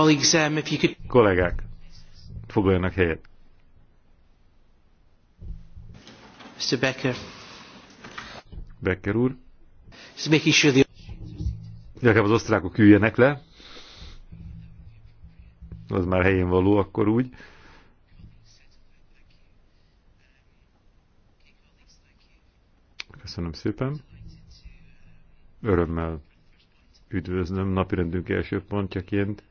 Um, Kollégák, foglaljanak helyet. Mr. Becker. Becker úr. Just Inkább az osztrákok üljenek le. Az már helyén való, akkor úgy. Köszönöm szépen. Örömmel üdvözlöm napirendünk első pontjaként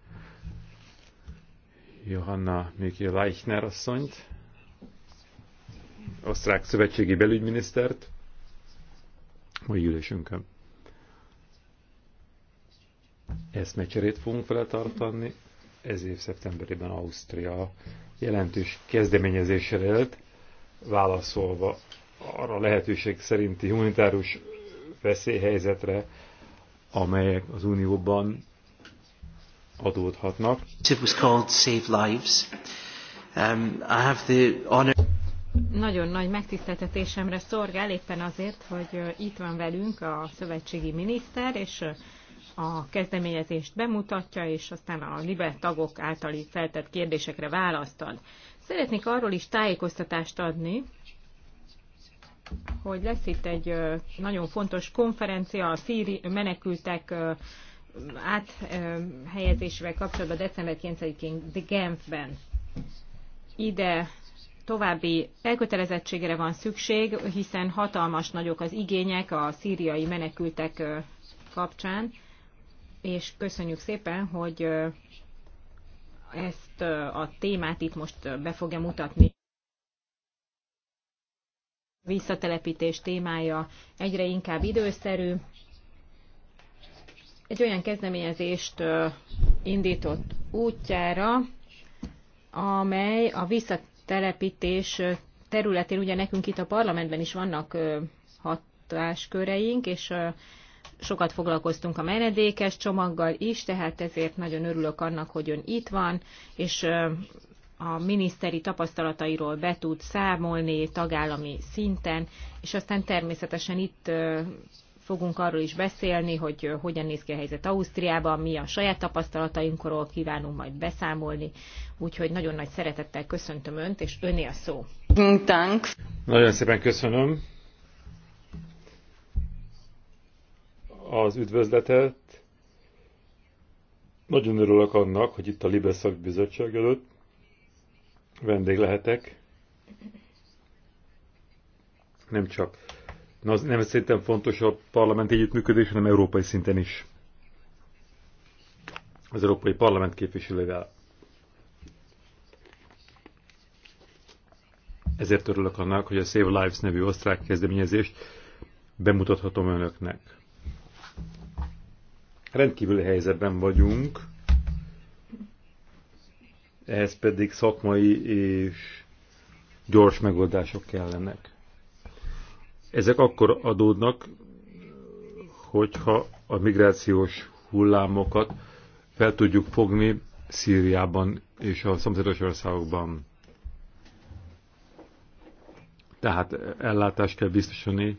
Johanna Miki Leichner asszonyt, osztrák szövetségi belügyminisztert, mai ülésünkön. mecserét fogunk vele tartani, ez év szeptemberében Ausztria jelentős kezdeményezésre élt, válaszolva arra a lehetőség szerinti humanitárus veszélyhelyzetre, amelyek az Unióban adódhatnak. Save Lives. Um, nagyon nagy megtiszteltetésemre szorgál éppen azért, hogy uh, itt van velünk a szövetségi miniszter, és uh, a kezdeményezést bemutatja, és aztán a libe tagok általi feltett kérdésekre választ ad. Szeretnék arról is tájékoztatást adni, hogy lesz itt egy uh, nagyon fontos konferencia a szíri menekültek áthelyezésével kapcsolatban december 9-én Genfben. Ide további elkötelezettségre van szükség, hiszen hatalmas nagyok az igények a szíriai menekültek kapcsán, és köszönjük szépen, hogy ezt a témát itt most be fogja mutatni. A visszatelepítés témája egyre inkább időszerű, egy olyan kezdeményezést indított útjára, amely a visszatelepítés területén, ugye nekünk itt a parlamentben is vannak hatásköreink, és sokat foglalkoztunk a menedékes csomaggal is, tehát ezért nagyon örülök annak, hogy ön itt van, és a miniszteri tapasztalatairól be tud számolni tagállami szinten, és aztán természetesen itt fogunk arról is beszélni, hogy hogyan néz ki a helyzet Ausztriában, mi a saját tapasztalatainkról kívánunk majd beszámolni. Úgyhogy nagyon nagy szeretettel köszöntöm Önt, és Öné a szó. Thanks. Nagyon szépen köszönöm az üdvözletet. Nagyon örülök annak, hogy itt a Libeszak bizottság előtt vendég lehetek. Nem csak nem szerintem fontos a parlament együttműködés, hanem európai szinten is. Az Európai Parlament képviselővel. Ezért örülök annak, hogy a Save Lives nevű osztrák kezdeményezést bemutathatom önöknek. Rendkívüli helyzetben vagyunk, ehhez pedig szakmai és gyors megoldások kellenek. Ezek akkor adódnak, hogyha a migrációs hullámokat fel tudjuk fogni Szíriában és a szomszédos országokban. Tehát ellátást kell biztosítani,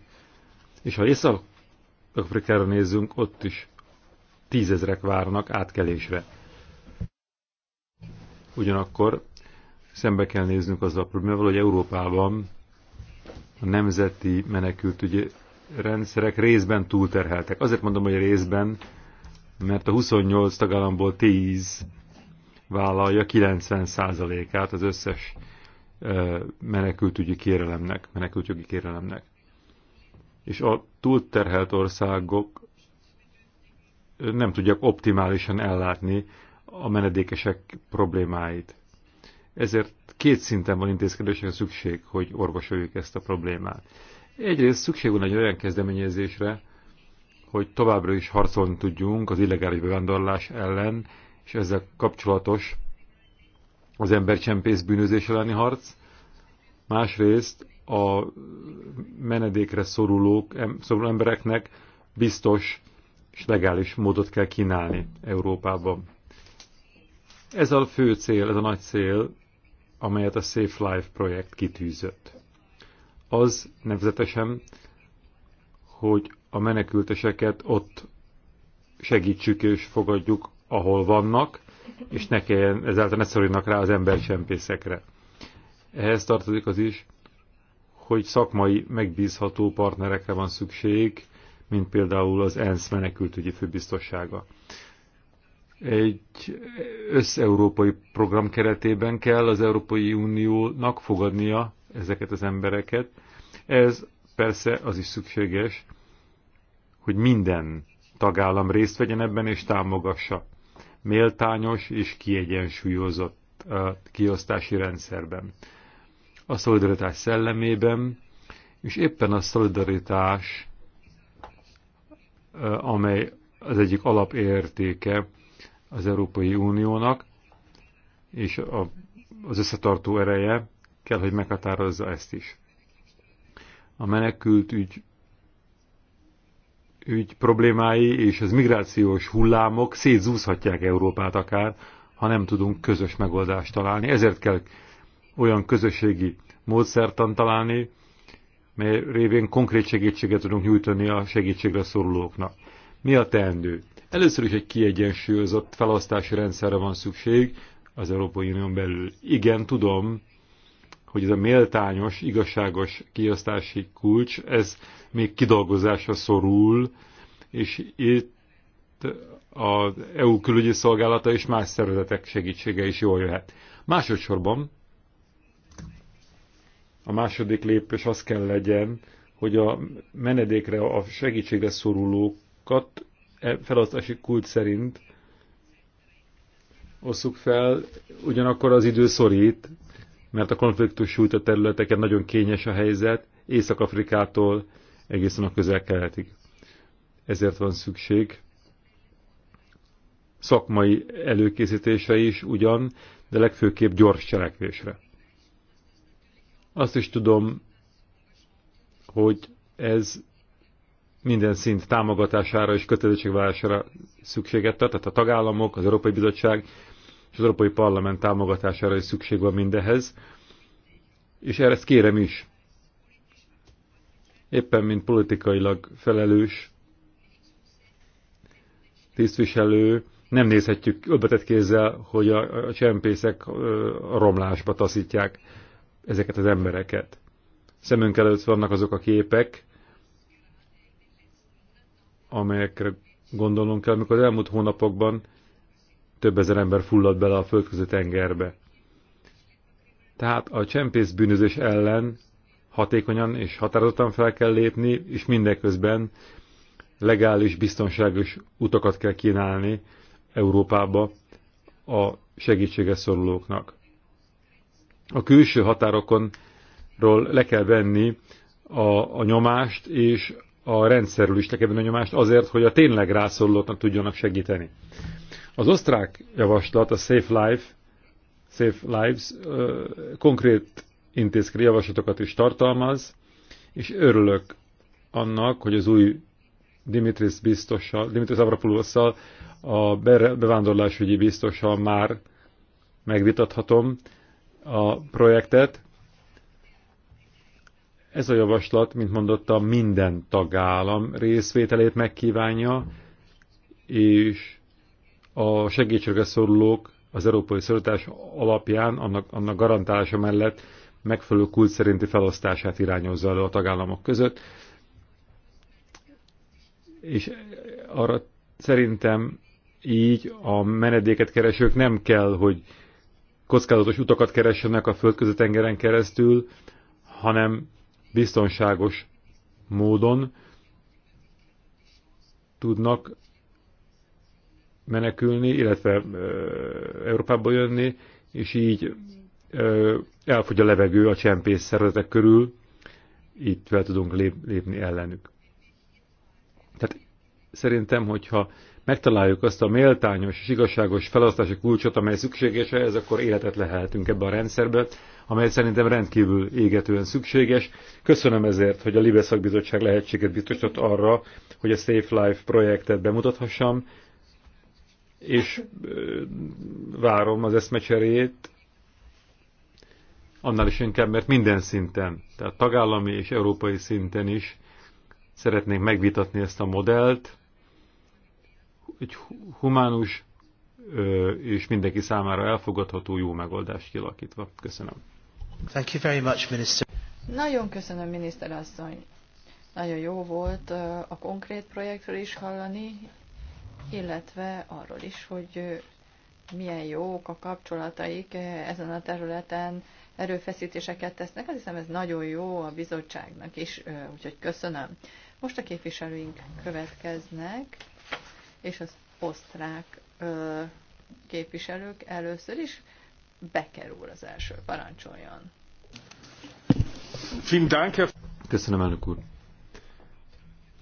és ha Észak-Afrikára nézzünk, ott is tízezrek várnak átkelésre. Ugyanakkor szembe kell néznünk azzal a problémával, hogy Európában a nemzeti menekültügyi rendszerek részben túlterheltek. Azért mondom, hogy részben, mert a 28 tagállamból 10 vállalja 90%-át az összes menekültügyi kérelemnek, menekültjogi kérelemnek. És a túlterhelt országok nem tudják optimálisan ellátni a menedékesek problémáit. Ezért két szinten van intézkedésre szükség, hogy orvosoljuk ezt a problémát. Egyrészt szükség van egy olyan kezdeményezésre, hogy továbbra is harcolni tudjunk az illegális bevándorlás ellen, és ezzel kapcsolatos az embercsempész bűnözés elleni harc, másrészt a menedékre szorulók, szoruló embereknek biztos és legális módot kell kínálni Európában. Ez a fő cél, ez a nagy cél, amelyet a Safe Life projekt kitűzött. Az nevezetesen, hogy a menekülteseket ott segítsük és fogadjuk, ahol vannak, és ne kelljen, ezáltal ne szorulnak rá az embercsempészekre. Ehhez tartozik az is, hogy szakmai, megbízható partnerekre van szükség, mint például az ENSZ menekültügyi főbiztossága egy összeurópai program keretében kell az Európai Uniónak fogadnia ezeket az embereket. Ez persze az is szükséges, hogy minden tagállam részt vegyen ebben és támogassa. Méltányos és kiegyensúlyozott kiosztási rendszerben. A szolidaritás szellemében, és éppen a szolidaritás, amely az egyik alapértéke az Európai Uniónak, és a, az összetartó ereje kell, hogy meghatározza ezt is. A menekült ügy, ügy problémái és az migrációs hullámok szétzúzhatják Európát akár, ha nem tudunk közös megoldást találni. Ezért kell olyan közösségi módszertan találni, mely révén konkrét segítséget tudunk nyújtani a segítségre szorulóknak. Mi a teendő? Először is egy kiegyensúlyozott felasztási rendszerre van szükség az Európai Unión belül. Igen, tudom, hogy ez a méltányos, igazságos kiasztási kulcs, ez még kidolgozásra szorul, és itt az EU külügyi szolgálata és más szervezetek segítsége is jól jöhet. Másodszorban a második lépés az kell legyen, hogy a menedékre, a segítségre szorulókat E, felosztási kult szerint osszuk fel, ugyanakkor az idő szorít, mert a konfliktus sújt a területeken nagyon kényes a helyzet, Észak-Afrikától egészen a közel-keletig. Ezért van szükség szakmai előkészítése is ugyan, de legfőképp gyors cselekvésre. Azt is tudom, hogy ez minden szint támogatására és kötelezettségvállalásra szükséget tart, tehát a tagállamok, az Európai Bizottság és az Európai Parlament támogatására is szükség van mindehez, és erre ezt kérem is. Éppen, mint politikailag felelős tisztviselő, nem nézhetjük öbbetett kézzel, hogy a, a csempészek a romlásba taszítják ezeket az embereket. Szemünk előtt vannak azok a képek, amelyekre gondolnunk kell, amikor az elmúlt hónapokban több ezer ember fulladt bele a földközi tengerbe. Tehát a csempész bűnözés ellen hatékonyan és határozottan fel kell lépni, és mindeközben legális, biztonságos utakat kell kínálni Európába a segítséges szorulóknak. A külső határokonról le kell venni a, a nyomást, és a rendszerről is tekevő nyomást azért, hogy a tényleg rászorulóknak tudjanak segíteni. Az osztrák javaslat, a Safe Life, Safe Lives konkrét intézkedő javaslatokat is tartalmaz, és örülök annak, hogy az új Dimitris biztossal, Dimitris Avrapulosszal, a bevándorlásügyi biztossal már megvitathatom a projektet, ez a javaslat, mint mondotta, minden tagállam részvételét megkívánja, és a segítségre szorulók az európai szorítás alapján, annak, annak garantálása mellett megfelelő kult szerinti felosztását irányozza elő a tagállamok között. És arra szerintem így a menedéket keresők nem kell, hogy kockázatos utakat keressenek a földközi tengeren keresztül, hanem biztonságos módon tudnak menekülni, illetve Európába jönni, és így elfogy a levegő a csempész szervezetek körül, így fel tudunk lép, lépni ellenük. Tehát szerintem, hogyha megtaláljuk azt a méltányos és igazságos felosztási kulcsot, amely szükséges ez akkor életet lehetünk ebbe a rendszerbe, amely szerintem rendkívül égetően szükséges. Köszönöm ezért, hogy a Libe Szakbizottság lehetséget biztosított arra, hogy a Safe Life projektet bemutathassam, és várom az eszmecserét, annál is inkább, mert minden szinten, tehát tagállami és európai szinten is szeretnénk megvitatni ezt a modellt, egy humánus és mindenki számára elfogadható jó megoldást kialakítva. Köszönöm. Thank you very much, Minister. Nagyon köszönöm, miniszter asszony. Nagyon jó volt a konkrét projektről is hallani, illetve arról is, hogy milyen jók a kapcsolataik ezen a területen, erőfeszítéseket tesznek. Azt hiszem, ez nagyon jó a bizottságnak is, úgyhogy köszönöm. Most a képviselőink következnek és az osztrák ö, képviselők először is. bekerül az első, parancsoljon. Köszönöm, elnök úr.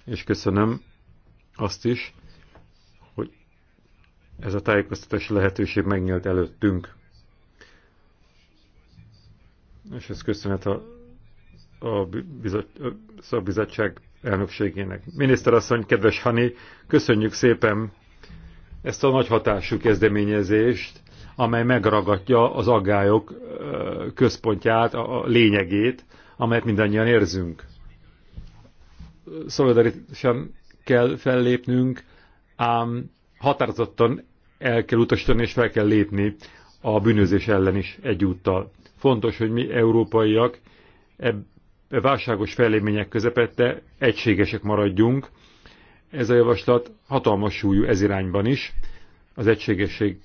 És köszönöm azt is, hogy ez a tájékoztatási lehetőség megnyílt előttünk. És ez köszönet a, a, bizot, a szakbizottság elnökségének. Miniszterasszony, kedves Hani, köszönjük szépen ezt a nagy hatású kezdeményezést, amely megragadja az aggályok központját, a lényegét, amelyet mindannyian érzünk. Szolidaritásan kell fellépnünk, ám határozottan el kell utasítani és fel kell lépni a bűnözés ellen is egyúttal. Fontos, hogy mi európaiak válságos fejlemények közepette egységesek maradjunk. Ez a javaslat hatalmas súlyú ez irányban is, az egységesség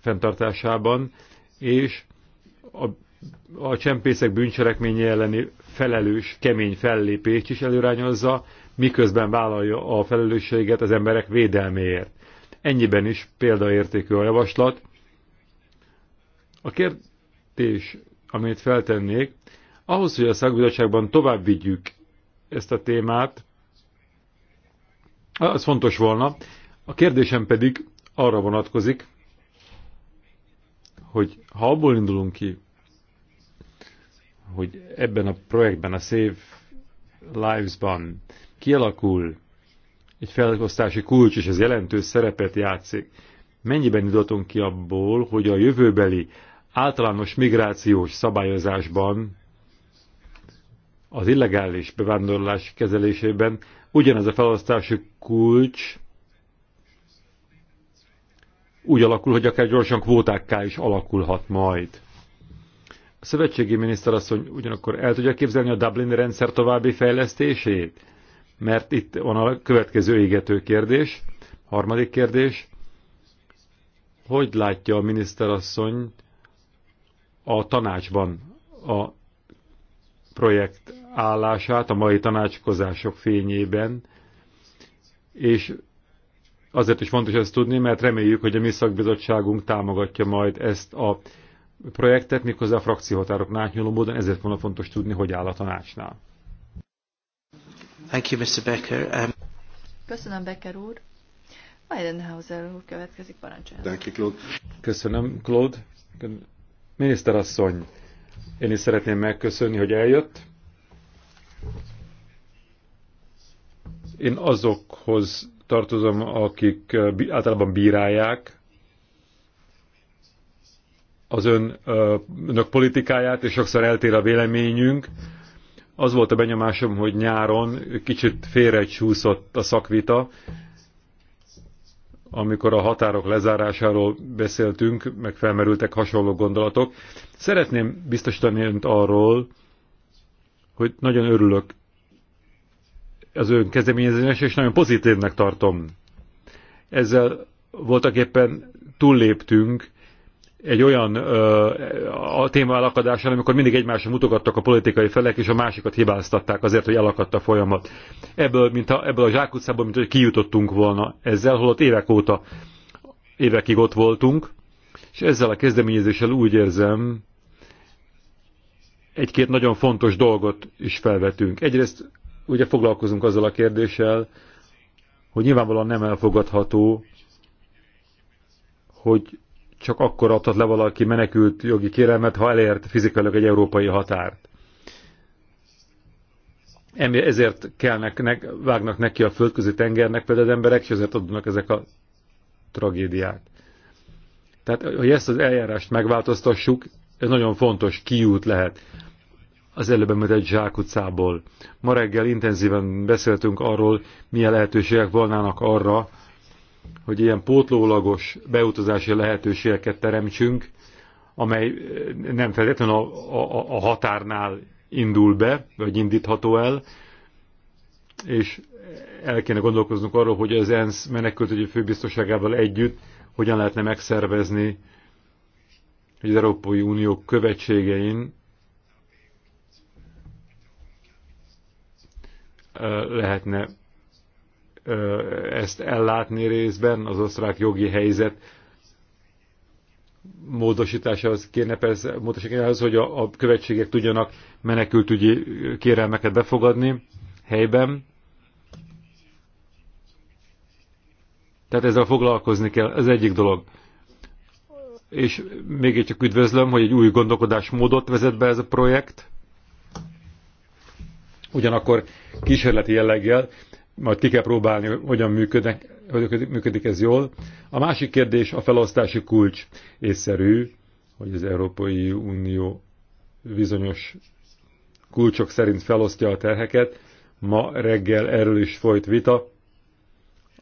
fenntartásában, és a, a csempészek bűncselekménye elleni felelős, kemény fellépést is előrányozza, miközben vállalja a felelősséget az emberek védelméért. Ennyiben is példaértékű a javaslat. A kérdés, amit feltennék, ahhoz, hogy a szakbizottságban tovább vigyük ezt a témát, az fontos volna. A kérdésem pedig arra vonatkozik, hogy ha abból indulunk ki, hogy ebben a projektben, a Save Lives-ban kialakul egy felosztási kulcs, és ez jelentős szerepet játszik, mennyiben indultunk ki abból, hogy a jövőbeli általános migrációs szabályozásban az illegális bevándorlás kezelésében ugyanez a felasztási kulcs úgy alakul, hogy akár gyorsan kvótákká is alakulhat majd. A szövetségi miniszter asszony ugyanakkor el tudja képzelni a Dublin rendszer további fejlesztését? Mert itt van a következő égető kérdés, harmadik kérdés. Hogy látja a miniszterasszony a tanácsban a projekt állását a mai tanácskozások fényében, és azért is fontos ezt tudni, mert reméljük, hogy a mi szakbizottságunk támogatja majd ezt a projektet, méghozzá a frakcióhatárok átnyúló módon, ezért volna fontos tudni, hogy áll a tanácsnál. Thank you, Mr. Becker. Um... Köszönöm, Becker úr. Weidenhauser úr következik parancsolja. Köszönöm, Claude. Miniszterasszony, én is szeretném megköszönni, hogy eljött. Én azokhoz tartozom, akik általában bírálják az ön, önök politikáját, és sokszor eltér a véleményünk. Az volt a benyomásom, hogy nyáron kicsit csúszott a szakvita, amikor a határok lezárásáról beszéltünk, meg felmerültek hasonló gondolatok. Szeretném biztosítani önt arról, hogy nagyon örülök az ön kezdeményezésnek, és nagyon pozitívnek tartom. Ezzel voltak éppen túlléptünk egy olyan ö, a téma elakadásán, amikor mindig egymásra mutogattak a politikai felek, és a másikat hibáztatták azért, hogy elakadt a folyamat. Ebből, mint a, ebből a zsákutcából, mint hogy kijutottunk volna ezzel, holott évek óta, évekig ott voltunk, és ezzel a kezdeményezéssel úgy érzem, egy-két nagyon fontos dolgot is felvetünk. Egyrészt ugye foglalkozunk azzal a kérdéssel, hogy nyilvánvalóan nem elfogadható, hogy csak akkor adhat le valaki menekült jogi kérelmet, ha elért fizikailag egy európai határt. Ezért kellnek, ne, vágnak neki a földközi tengernek például az emberek, és ezért adnak ezek a tragédiák. Tehát, hogy ezt az eljárást megváltoztassuk, ez nagyon fontos kiút lehet az előbb említett zsákutcából. Ma reggel intenzíven beszéltünk arról, milyen lehetőségek volnának arra, hogy ilyen pótlólagos beutazási lehetőségeket teremtsünk, amely eh, nem feltétlenül a, a, a határnál indul be, vagy indítható el, és el kéne gondolkoznunk arról, hogy az ENSZ menekültügyi főbiztoságával együtt hogyan lehetne megszervezni hogy az Európai Unió követségein eh, lehetne ezt ellátni részben, az osztrák jogi helyzet módosításához kéne persze, módosításához, hogy a, a követségek tudjanak menekültügyi kérelmeket befogadni helyben. Tehát ezzel foglalkozni kell, ez egyik dolog. És még csak üdvözlöm, hogy egy új gondolkodásmódot vezet be ez a projekt. Ugyanakkor kísérleti jelleggel, majd ki kell próbálni, hogyan működnek, hogy működik ez jól. A másik kérdés a felosztási kulcs észszerű, hogy az Európai Unió bizonyos kulcsok szerint felosztja a terheket. Ma reggel erről is folyt vita,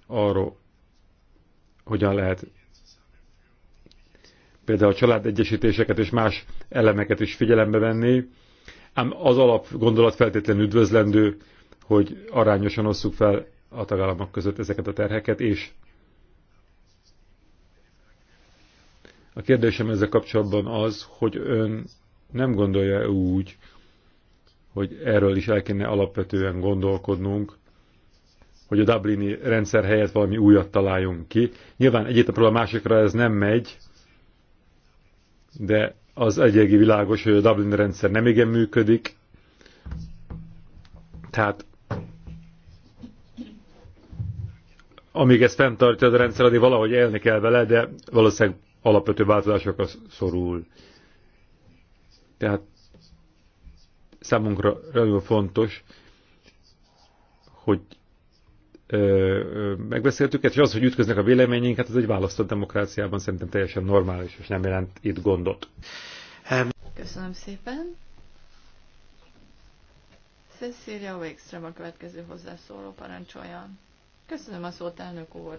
arról, hogyan lehet például a családegyesítéseket és más elemeket is figyelembe venni, ám az alap gondolat feltétlenül üdvözlendő, hogy arányosan osszuk fel a tagállamok között ezeket a terheket, és a kérdésem ezzel kapcsolatban az, hogy ön nem gondolja úgy, hogy erről is el kéne alapvetően gondolkodnunk, hogy a Dublini rendszer helyett valami újat találjunk ki. Nyilván egyébként a másikra ez nem megy, de az egyegi világos, hogy a Dublin rendszer nem igen működik, tehát amíg ezt fenntartja a rendszer, addig valahogy élni kell vele, de valószínűleg alapvető változásokra szorul. Tehát számunkra nagyon fontos, hogy ö, ö, megbeszéltük, és az, hogy ütköznek a véleményénk, hát ez egy választott demokráciában szerintem teljesen normális, és nem jelent itt gondot. Köszönöm szépen. Cecilia Wikström a következő hozzászóló parancsoljon. Köszönöm a szót, elnök úr.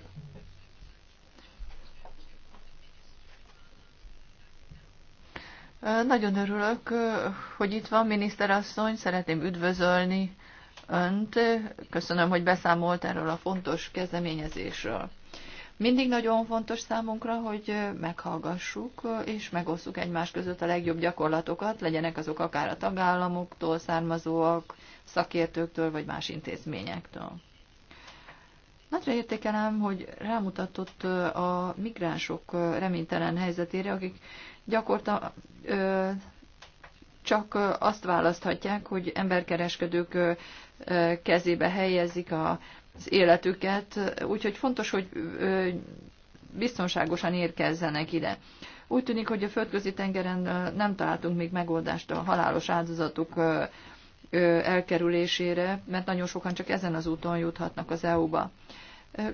Nagyon örülök, hogy itt van miniszterasszony, szeretném üdvözölni Önt. Köszönöm, hogy beszámolt erről a fontos kezdeményezésről. Mindig nagyon fontos számunkra, hogy meghallgassuk és megosszuk egymás között a legjobb gyakorlatokat, legyenek azok akár a tagállamoktól származóak, szakértőktől vagy más intézményektől. Nagyra értékelem, hogy rámutatott a migránsok reménytelen helyzetére, akik gyakorta csak azt választhatják, hogy emberkereskedők kezébe helyezik az életüket, úgyhogy fontos, hogy biztonságosan érkezzenek ide. Úgy tűnik, hogy a földközi tengeren nem találtunk még megoldást a halálos áldozatok elkerülésére, mert nagyon sokan csak ezen az úton juthatnak az EU-ba.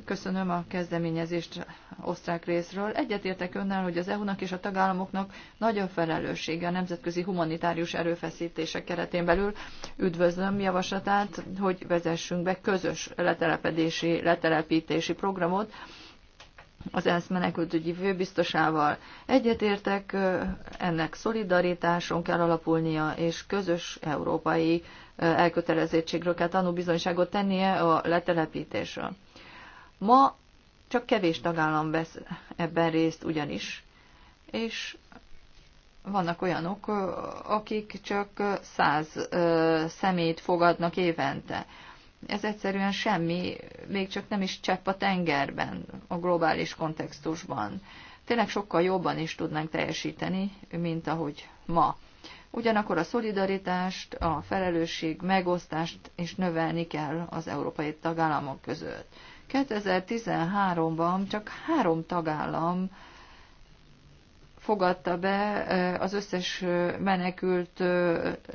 Köszönöm a kezdeményezést osztrák részről. Egyetértek önnel, hogy az EU-nak és a tagállamoknak nagy a felelőssége a nemzetközi humanitárius erőfeszítések keretén belül. Üdvözlöm javaslatát, hogy vezessünk be közös letelepedési, letelepítési programot, az ENSZ menekültügyi főbiztosával. Egyetértek, ennek szolidaritáson kell alapulnia, és közös európai elkötelezettségről kell tanúbizonyságot tennie a letelepítésről. Ma csak kevés tagállam vesz ebben részt ugyanis, és vannak olyanok, akik csak száz szemét fogadnak évente ez egyszerűen semmi, még csak nem is csepp a tengerben, a globális kontextusban. Tényleg sokkal jobban is tudnánk teljesíteni, mint ahogy ma. Ugyanakkor a szolidaritást, a felelősség megosztást is növelni kell az európai tagállamok között. 2013-ban csak három tagállam fogadta be az összes menekült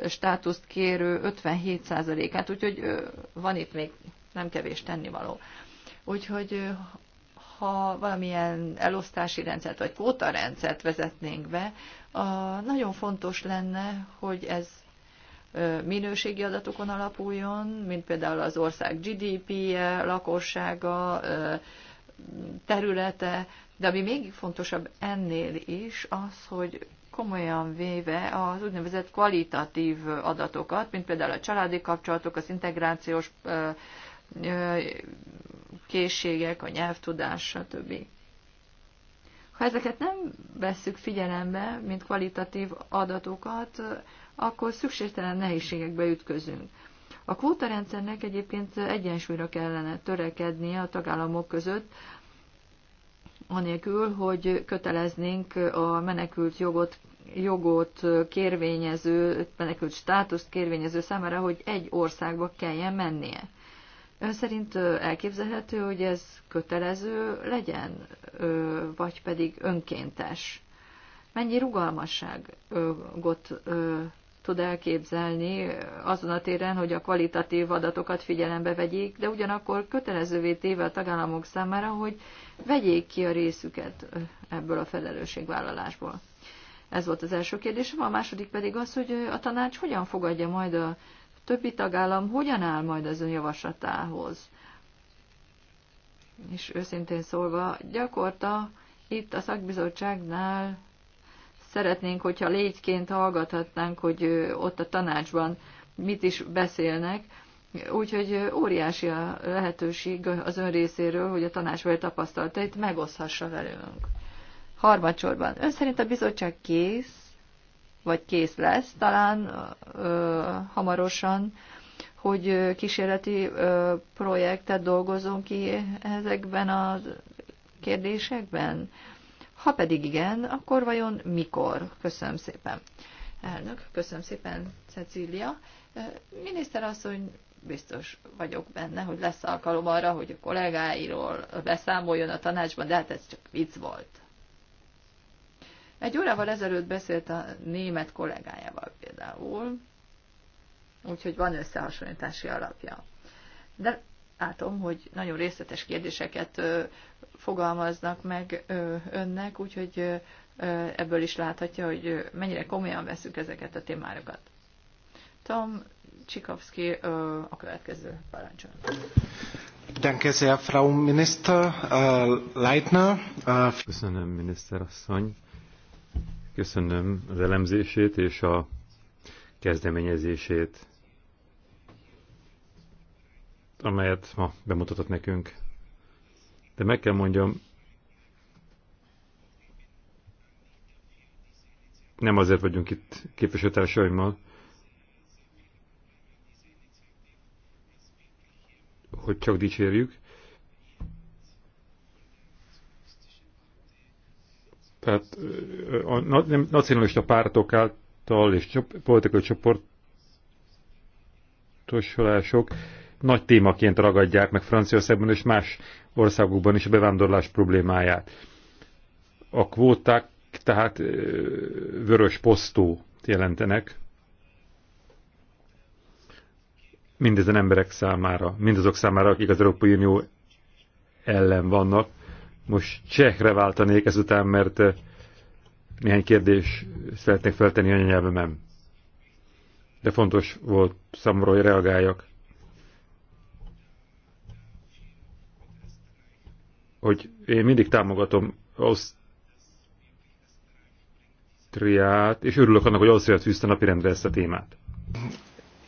státuszt kérő 57%-át, úgyhogy van itt még nem kevés tennivaló. Úgyhogy ha valamilyen elosztási rendszert vagy rendszert vezetnénk be, a, nagyon fontos lenne, hogy ez minőségi adatokon alapuljon, mint például az ország GDP-je, lakossága, területe, de ami még fontosabb ennél is az, hogy komolyan véve az úgynevezett kvalitatív adatokat, mint például a családi kapcsolatok, az integrációs készségek, a nyelvtudás, stb. Ha ezeket nem vesszük figyelembe, mint kvalitatív adatokat, akkor szükségtelen nehézségekbe ütközünk. A kvótarendszernek egyébként egyensúlyra kellene törekednie a tagállamok között, anélkül, hogy köteleznénk a menekült jogot, jogot kérvényező, menekült státuszt kérvényező számára, hogy egy országba kelljen mennie. Ön szerint elképzelhető, hogy ez kötelező legyen, vagy pedig önkéntes? Mennyi rugalmasságot tud elképzelni azon a téren, hogy a kvalitatív adatokat figyelembe vegyék, de ugyanakkor kötelezővé téve a tagállamok számára, hogy vegyék ki a részüket ebből a felelősségvállalásból. Ez volt az első kérdésem, a második pedig az, hogy a tanács hogyan fogadja majd a többi tagállam, hogyan áll majd az ön javaslatához. És őszintén szólva, gyakorta itt a szakbizottságnál Szeretnénk, hogyha légyként hallgathatnánk, hogy ott a tanácsban mit is beszélnek, úgyhogy óriási a lehetőség az ön részéről, hogy a tanácsbeli tapasztalatait megoszhassa velünk. Harmadsorban, ön szerint a bizottság kész, vagy kész lesz talán ö, hamarosan, hogy kísérleti ö, projektet dolgozunk ki ezekben a kérdésekben? Ö, ha pedig igen, akkor vajon mikor? Köszönöm szépen. Elnök, köszönöm szépen, Cecília. Eh, Miniszterasszony, biztos vagyok benne, hogy lesz alkalom arra, hogy a kollégáiról beszámoljon a tanácsban, de hát ez csak vicc volt. Egy órával ezelőtt beszélt a német kollégájával például, úgyhogy van összehasonlítási alapja. De látom, hogy nagyon részletes kérdéseket eh, fogalmaznak meg önnek, úgyhogy ebből is láthatja, hogy mennyire komolyan veszük ezeket a témákat. Tom Csikovszki a következő parancsol. Danke sehr, Frau Minister äh, Leitner. Äh, Köszönöm, miniszterasszony. Köszönöm az elemzését és a kezdeményezését, amelyet ma bemutatott nekünk. De meg kell mondjam, nem azért vagyunk itt képviselőtársaimmal, hogy csak dicsérjük. Tehát a nacionalista pártok által és politikai csoportosulások nagy témaként ragadják meg Franciaországban és más országokban is a bevándorlás problémáját. A kvóták tehát vörös posztó jelentenek mindezen emberek számára, mindazok számára, akik az Európai Unió ellen vannak. Most csehre váltanék ezután, mert néhány kérdés szeretnék feltenni nyelvemem. De fontos volt számomra, hogy reagáljak hogy én mindig támogatom Ausztriát, és örülök annak, hogy Ausztriát tűzte napirendre ezt a témát.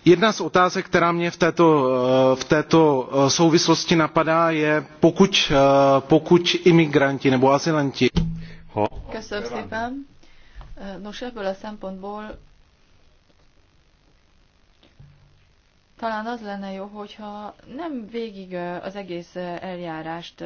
Jedna z otázek, která mě v této, eh, v této eh, souvislosti napadá, je pokud, eh, pokud imigranti nebo azylanti. Köszönöm szépen. Nos, ebből a szempontból talán az lenne jó, hogyha nem végig az egész eljárást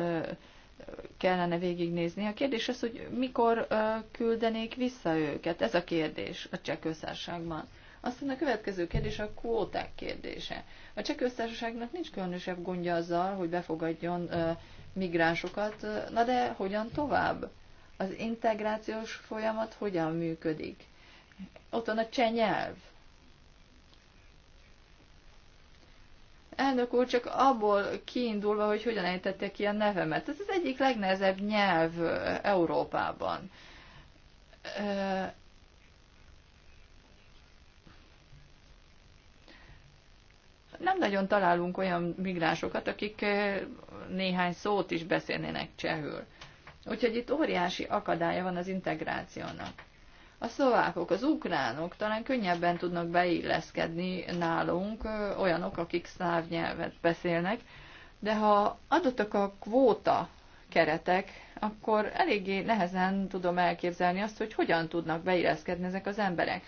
kellene végignézni. A kérdés az, hogy mikor küldenék vissza őket. Ez a kérdés a cseh köztársaságban. Aztán a következő kérdés a kvóták kérdése. A cseh nincs különösebb gondja azzal, hogy befogadjon migránsokat, na de hogyan tovább? Az integrációs folyamat hogyan működik? Ott van a cseh nyelv Elnök úr, csak abból kiindulva, hogy hogyan ejtette ki a nevemet. Ez az egyik legnehezebb nyelv Európában. Nem nagyon találunk olyan migránsokat, akik néhány szót is beszélnének csehül. Úgyhogy itt óriási akadálya van az integrációnak a szlovákok, az ukránok talán könnyebben tudnak beilleszkedni nálunk, olyanok, akik szláv nyelvet beszélnek, de ha adottak a kvóta keretek, akkor eléggé nehezen tudom elképzelni azt, hogy hogyan tudnak beilleszkedni ezek az emberek.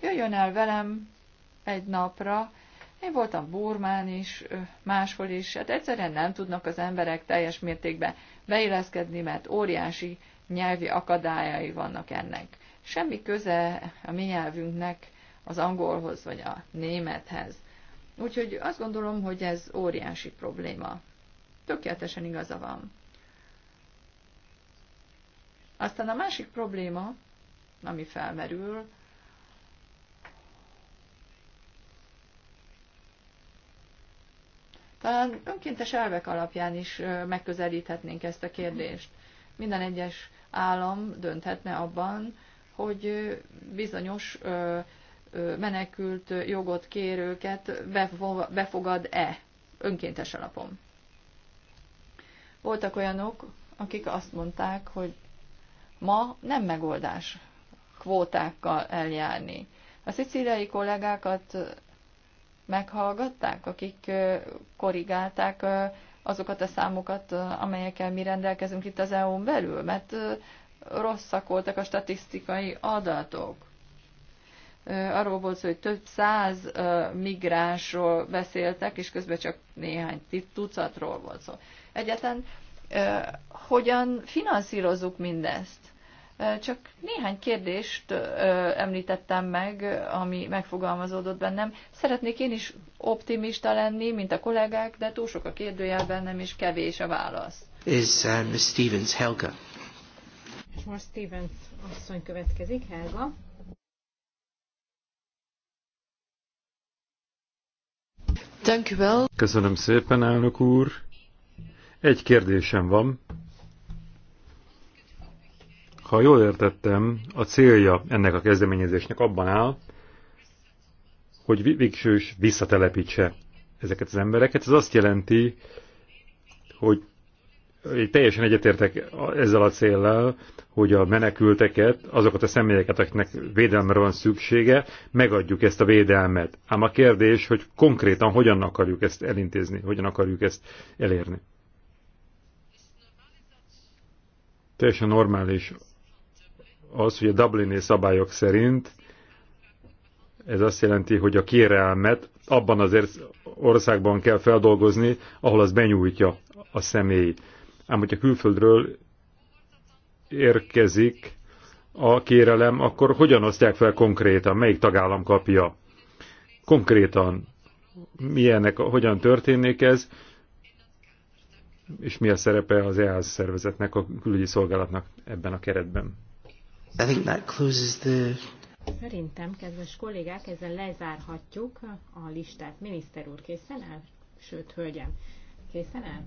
Jöjjön el velem egy napra, én voltam Burmán is, máshol is, hát egyszerűen nem tudnak az emberek teljes mértékben beilleszkedni, mert óriási nyelvi akadályai vannak ennek. Semmi köze a mi nyelvünknek az angolhoz vagy a némethez. Úgyhogy azt gondolom, hogy ez óriási probléma. Tökéletesen igaza van. Aztán a másik probléma, ami felmerül, Talán önkéntes elvek alapján is megközelíthetnénk ezt a kérdést. Minden egyes állam dönthetne abban, hogy bizonyos menekült jogot kérőket befogad-e önkéntes alapon. Voltak olyanok, akik azt mondták, hogy ma nem megoldás kvótákkal eljárni. A szicíliai kollégákat meghallgatták, akik korrigálták azokat a számokat, amelyekkel mi rendelkezünk itt az EU-n belül, mert rosszak voltak a statisztikai adatok. Arról volt szó, hogy több száz migránsról beszéltek, és közben csak néhány tucatról volt szó. Egyetlen hogyan finanszírozzuk mindezt? Csak néhány kérdést említettem meg, ami megfogalmazódott bennem. Szeretnék én is optimista lenni, mint a kollégák, de túl sok a kérdőjel bennem, és kevés a válasz. Is um, Stevens Helga. És most Stevens asszony következik, Helga. Köszönöm szépen, elnök úr. Egy kérdésem van. Ha jól értettem, a célja ennek a kezdeményezésnek abban áll, hogy végső is visszatelepítse ezeket az embereket. Ez azt jelenti, hogy teljesen egyetértek ezzel a céllal, hogy a menekülteket, azokat a személyeket, akiknek védelmre van szüksége, megadjuk ezt a védelmet. Ám a kérdés, hogy konkrétan hogyan akarjuk ezt elintézni, hogyan akarjuk ezt elérni. Teljesen normális az, hogy a Dublini szabályok szerint ez azt jelenti, hogy a kérelmet abban az országban kell feldolgozni, ahol az benyújtja a személy. Ám hogyha külföldről érkezik a kérelem, akkor hogyan osztják fel konkrétan, melyik tagállam kapja? Konkrétan milyenek, hogyan történik ez, és mi a szerepe az EAS szervezetnek, a külügyi szolgálatnak ebben a keretben? I think that closes the... Szerintem, kedves kollégák, ezzel lezárhatjuk a listát. Miniszter úr, készen áll? Sőt, hölgyem, készen áll?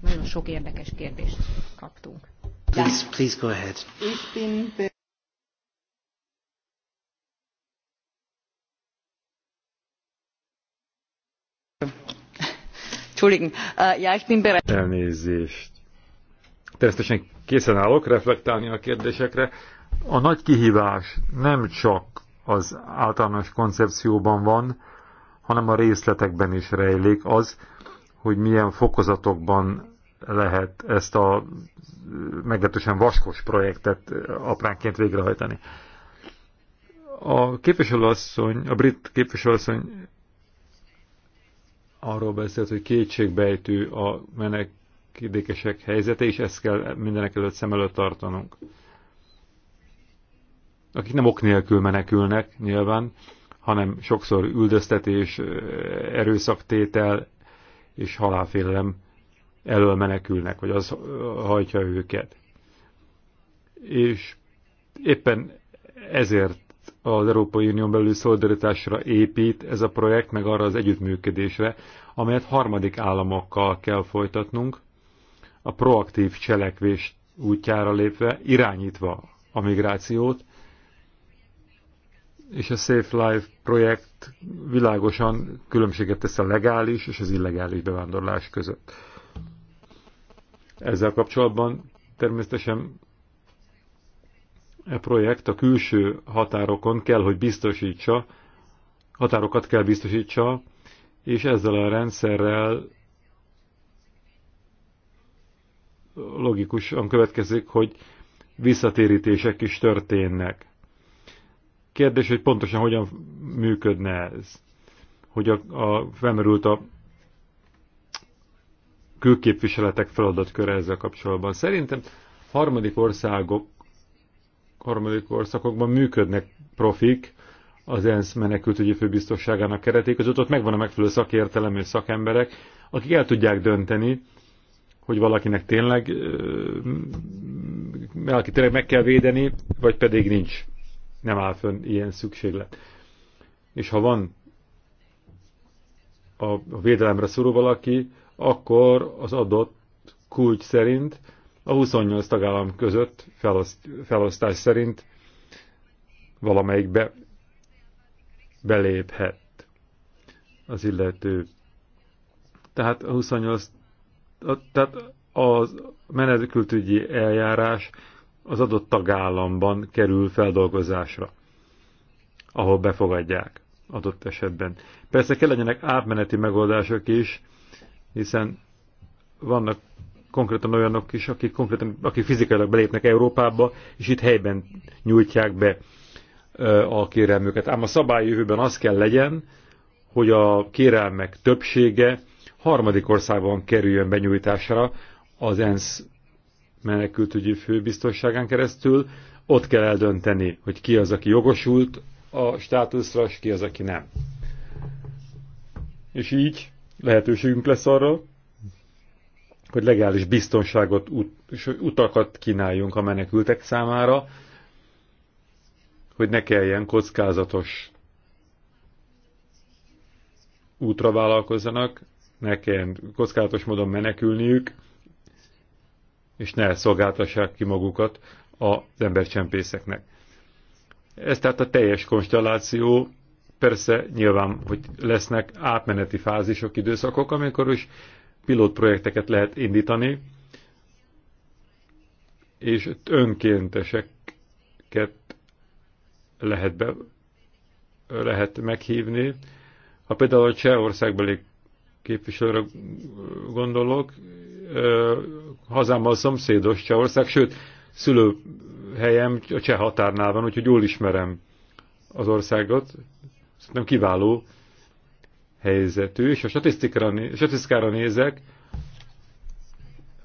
Nagyon sok érdekes kérdést kaptunk. Please, please go ahead. Ich bin äh, Ja, Elnézést. Természetesen készen állok reflektálni a kérdésekre. A nagy kihívás nem csak az általános koncepcióban van, hanem a részletekben is rejlik az, hogy milyen fokozatokban lehet ezt a meglehetősen vaskos projektet apránként végrehajtani. A képviselőasszony, a brit képviselőasszony arról beszélt, hogy kétségbejtő a menekidékesek helyzete, és ezt kell mindenek előtt szem előtt tartanunk akik nem ok nélkül menekülnek nyilván, hanem sokszor üldöztetés, erőszaktétel és halálfélelem elől menekülnek, vagy az hajtja őket. És éppen ezért az Európai Unión belül szolidaritásra épít ez a projekt, meg arra az együttműködésre, amelyet harmadik államokkal kell folytatnunk, a proaktív cselekvés útjára lépve, irányítva a migrációt, és a Safe Life projekt világosan különbséget tesz a legális és az illegális bevándorlás között. Ezzel kapcsolatban természetesen e projekt a külső határokon kell, hogy biztosítsa, határokat kell biztosítsa, és ezzel a rendszerrel logikusan következik, hogy visszatérítések is történnek. Kérdés, hogy pontosan hogyan működne ez. Hogy a, a felmerült a külképviseletek feladatköre ezzel kapcsolatban. Szerintem harmadik országok, harmadik országokban működnek profik, az ENSZ menekültügyi főbiztosságának kereté között, ott megvan a megfelelő szakértelem és szakemberek, akik el tudják dönteni, hogy valakinek tényleg, valaki tényleg meg kell védeni, vagy pedig nincs nem áll fönn ilyen szükséglet. És ha van a védelemre szorul valaki, akkor az adott kulcs szerint a 28 tagállam között feloszt, felosztás szerint valamelyikbe beléphet az illető. Tehát a 28, tehát az menedekültügyi eljárás az adott tagállamban kerül feldolgozásra, ahol befogadják adott esetben. Persze kell legyenek átmeneti megoldások is, hiszen vannak konkrétan olyanok is, akik, konkrétan, akik fizikailag belépnek Európába, és itt helyben nyújtják be a kérelmüket. Ám a szabály jövőben az kell legyen, hogy a kérelmek többsége harmadik országban kerüljön benyújtásra az ENSZ menekültügyi főbiztosságán keresztül, ott kell eldönteni, hogy ki az, aki jogosult a státuszra, és ki az, aki nem. És így lehetőségünk lesz arra, hogy legális biztonságot, és utakat kínáljunk a menekültek számára, hogy ne kelljen kockázatos útra vállalkozzanak, ne kelljen kockázatos módon menekülniük, és ne szolgáltassák ki magukat az embercsempészeknek. Ez tehát a teljes konstelláció, persze nyilván, hogy lesznek átmeneti fázisok, időszakok, amikor is pilotprojekteket lehet indítani, és önkénteseket lehet, be, lehet meghívni. Ha például a Csehországbeli képviselőre gondolok, ö, hazámmal szomszédos Csehország, sőt, szülőhelyem a cseh határnál van, úgyhogy jól ismerem az országot, szerintem kiváló helyzetű, és a statisztikára, nézek,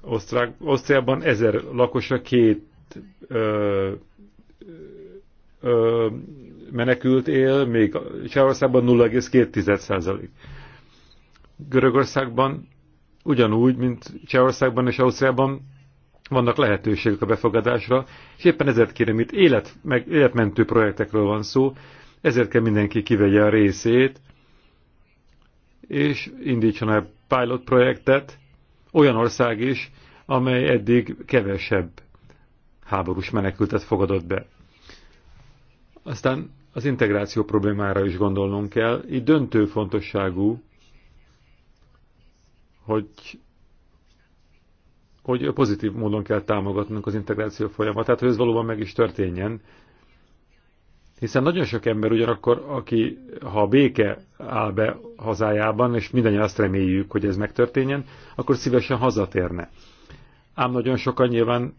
Osztrák, Osztriában ezer lakosra két ö, ö, menekült él, még Csehországban 0,2 Görögországban ugyanúgy, mint Csehországban és Ausztriában vannak lehetőségek a befogadásra, és éppen ezért kérem, itt élet, meg életmentő projektekről van szó, ezért kell mindenki kivegye a részét, és indítson el pilot projektet, olyan ország is, amely eddig kevesebb háborús menekültet fogadott be. Aztán az integráció problémára is gondolnunk kell. Itt döntő fontosságú, hogy hogy pozitív módon kell támogatnunk az integráció folyamatát, hogy ez valóban meg is történjen. Hiszen nagyon sok ember ugyanakkor, aki ha a béke áll be hazájában, és mindannyian azt reméljük, hogy ez megtörténjen, akkor szívesen hazatérne. Ám nagyon sokan nyilván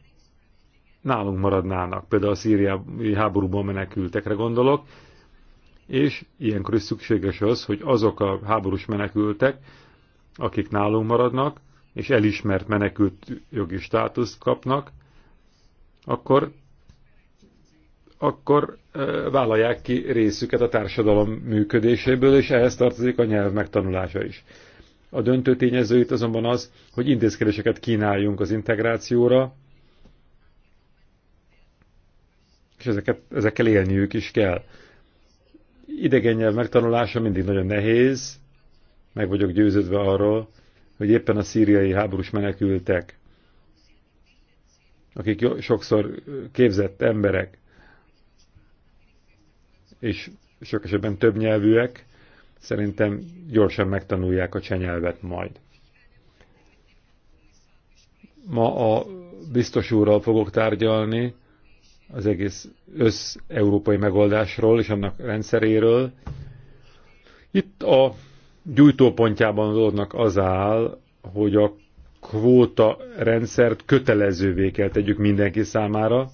nálunk maradnának, például a szíriai háborúban menekültekre gondolok, és ilyenkor is szükséges az, hogy azok a háborús menekültek, akik nálunk maradnak, és elismert menekült jogi státuszt kapnak, akkor, akkor vállalják ki részüket a társadalom működéséből, és ehhez tartozik a nyelv megtanulása is. A döntő tényező itt azonban az, hogy intézkedéseket kínáljunk az integrációra, és ezeket, ezekkel élniük is kell. Idegen nyelv megtanulása mindig nagyon nehéz, meg vagyok győződve arról, hogy éppen a szíriai háborús menekültek, akik sokszor képzett emberek, és sok esetben több nyelvűek, szerintem gyorsan megtanulják a csenyelvet majd. Ma a biztos úrral fogok tárgyalni az egész össz-európai megoldásról és annak rendszeréről. Itt a gyújtópontjában dolognak az áll, hogy a kvóta rendszert kötelezővé kell tegyük mindenki számára,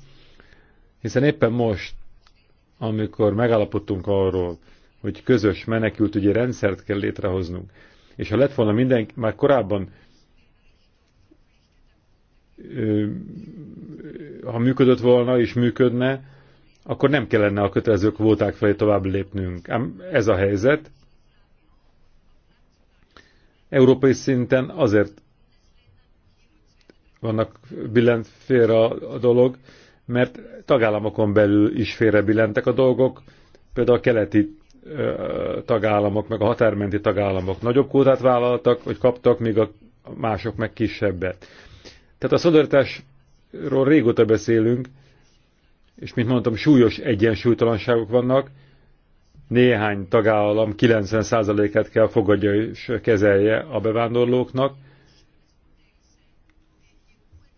hiszen éppen most, amikor megállapodtunk arról, hogy közös menekült ugye rendszert kell létrehoznunk, és ha lett volna mindenki, már korábban ha működött volna és működne, akkor nem kellene a kötelező kvóták felé tovább lépnünk. Ám ez a helyzet, európai szinten azért vannak billent félre a, a dolog, mert tagállamokon belül is félre billentek a dolgok, például a keleti ö, tagállamok, meg a határmenti tagállamok nagyobb kódát vállaltak, vagy kaptak, míg a mások meg kisebbet. Tehát a szolidaritásról régóta beszélünk, és mint mondtam, súlyos egyensúlytalanságok vannak, néhány tagállam 90%-át kell fogadja és kezelje a bevándorlóknak.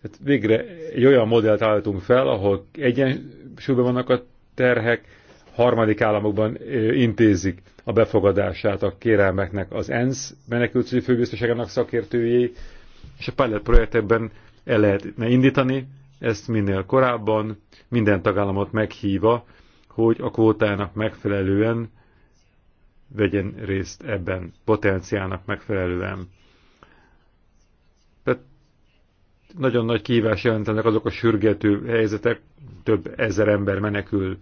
Hát végre egy olyan modellt állítunk fel, ahol egyensúlyban vannak a terhek, harmadik államokban intézik a befogadását a kérelmeknek az ENSZ menekültügyi főbiztoságának szakértőjé, és a pilot projektekben el lehetne indítani, ezt minél korábban, minden tagállamot meghívva, hogy a kvótának megfelelően vegyen részt ebben, potenciálnak megfelelően. Tehát nagyon nagy kihívás jelentenek azok a sürgető helyzetek, több ezer ember menekül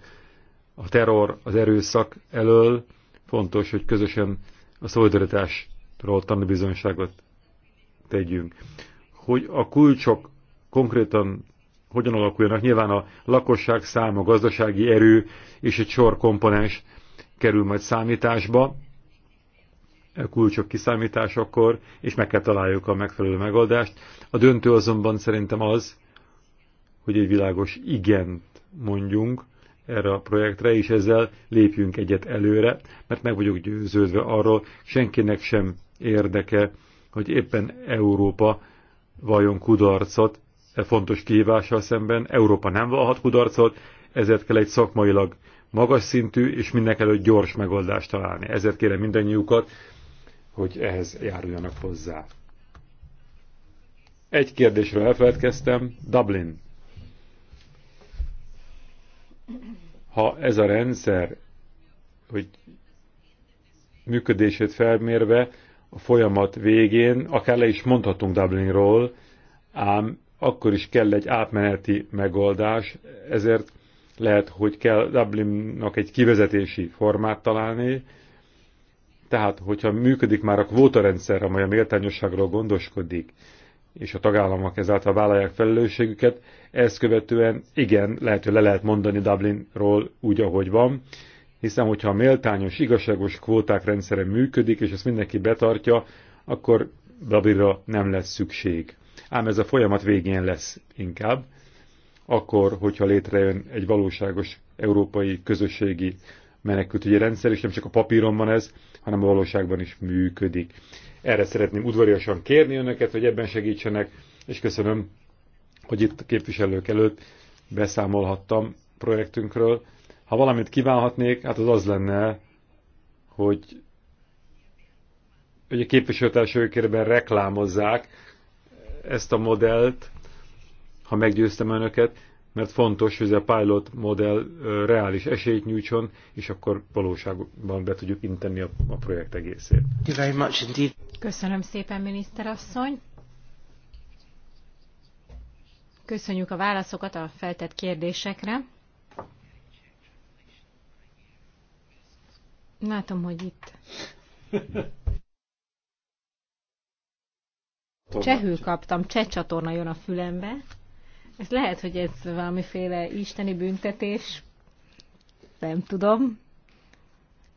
a terror, az erőszak elől. Fontos, hogy közösen a szolidaritásról tanulbizonyságot tegyünk. Hogy a kulcsok konkrétan hogyan alakuljanak. Nyilván a lakosság száma, a gazdasági erő és egy sor komponens kerül majd számításba, kulcsok kiszámításakor, és meg kell találjuk a megfelelő megoldást. A döntő azonban szerintem az, hogy egy világos igent mondjunk erre a projektre, és ezzel lépjünk egyet előre, mert meg vagyok győződve arról, senkinek sem érdeke, hogy éppen Európa vajon kudarcot e fontos kihívással szemben. Európa nem vallhat kudarcot, ezért kell egy szakmailag magas szintű és mindenkelőtt gyors megoldást találni. Ezért kérem mindannyiukat, hogy ehhez járuljanak hozzá. Egy kérdésről elfeledkeztem, Dublin. Ha ez a rendszer, hogy működését felmérve, a folyamat végén akár le is mondhatunk Dublinról, ám akkor is kell egy átmeneti megoldás, ezért lehet, hogy kell Dublinnak egy kivezetési formát találni, tehát, hogyha működik már a kvótarendszer, amely a méltányosságról gondoskodik, és a tagállamok ezáltal vállalják felelősségüket, ezt követően igen, lehet, hogy le lehet mondani Dublinról úgy, ahogy van, hiszen hogyha a méltányos, igazságos kvóták rendszere működik, és ezt mindenki betartja, akkor Dublinra nem lesz szükség ám ez a folyamat végén lesz inkább, akkor, hogyha létrejön egy valóságos európai közösségi menekültügyi rendszer, és nem csak a papíron van ez, hanem a valóságban is működik. Erre szeretném udvariasan kérni önöket, hogy ebben segítsenek, és köszönöm, hogy itt a képviselők előtt beszámolhattam projektünkről. Ha valamit kívánhatnék, hát az az lenne, hogy, hogy a képviselőtársaikérben reklámozzák, ezt a modellt, ha meggyőztem önöket, mert fontos, hogy ez a pilot modell reális esélyt nyújtson, és akkor valóságban be tudjuk intenni a, a projekt egészét. Köszönöm szépen, miniszterasszony! Köszönjük a válaszokat a feltett kérdésekre. Látom, hogy itt Csehül kaptam, cseh csatorna jön a fülembe. Ez lehet, hogy ez valamiféle isteni büntetés. Nem tudom.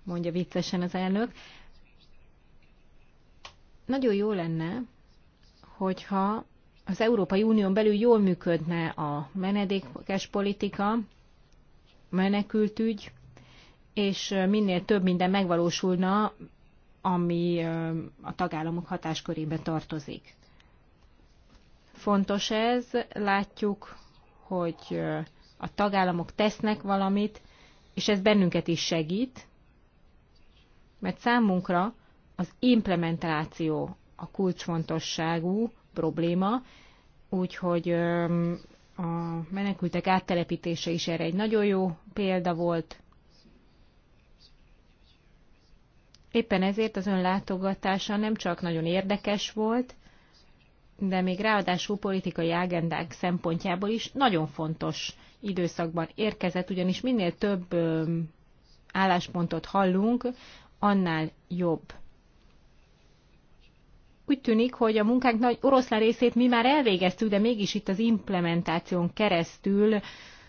Mondja viccesen az elnök. Nagyon jó lenne, hogyha az Európai Unión belül jól működne a menedékes politika, menekültügy, és minél több minden megvalósulna, ami a tagállamok hatáskörébe tartozik. Fontos ez, látjuk, hogy a tagállamok tesznek valamit, és ez bennünket is segít, mert számunkra az implementáció a kulcsfontosságú probléma, úgyhogy a menekültek áttelepítése is erre egy nagyon jó példa volt. Éppen ezért az ön látogatása nem csak nagyon érdekes volt, de még ráadásul politikai agendák szempontjából is nagyon fontos időszakban érkezett, ugyanis minél több álláspontot hallunk, annál jobb. Úgy tűnik, hogy a munkánk nagy oroszlán részét mi már elvégeztük, de mégis itt az implementáción keresztül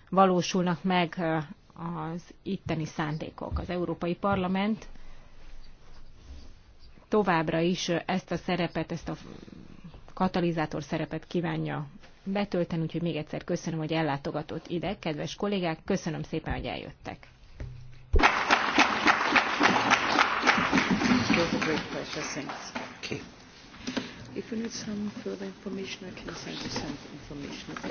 valósulnak meg az itteni szándékok. Az Európai Parlament továbbra is ezt a szerepet, ezt a katalizátor szerepet kívánja betölteni, úgyhogy még egyszer köszönöm, hogy ellátogatott ide, kedves kollégák, köszönöm szépen, hogy eljöttek. If you need some further information, I can send you some information.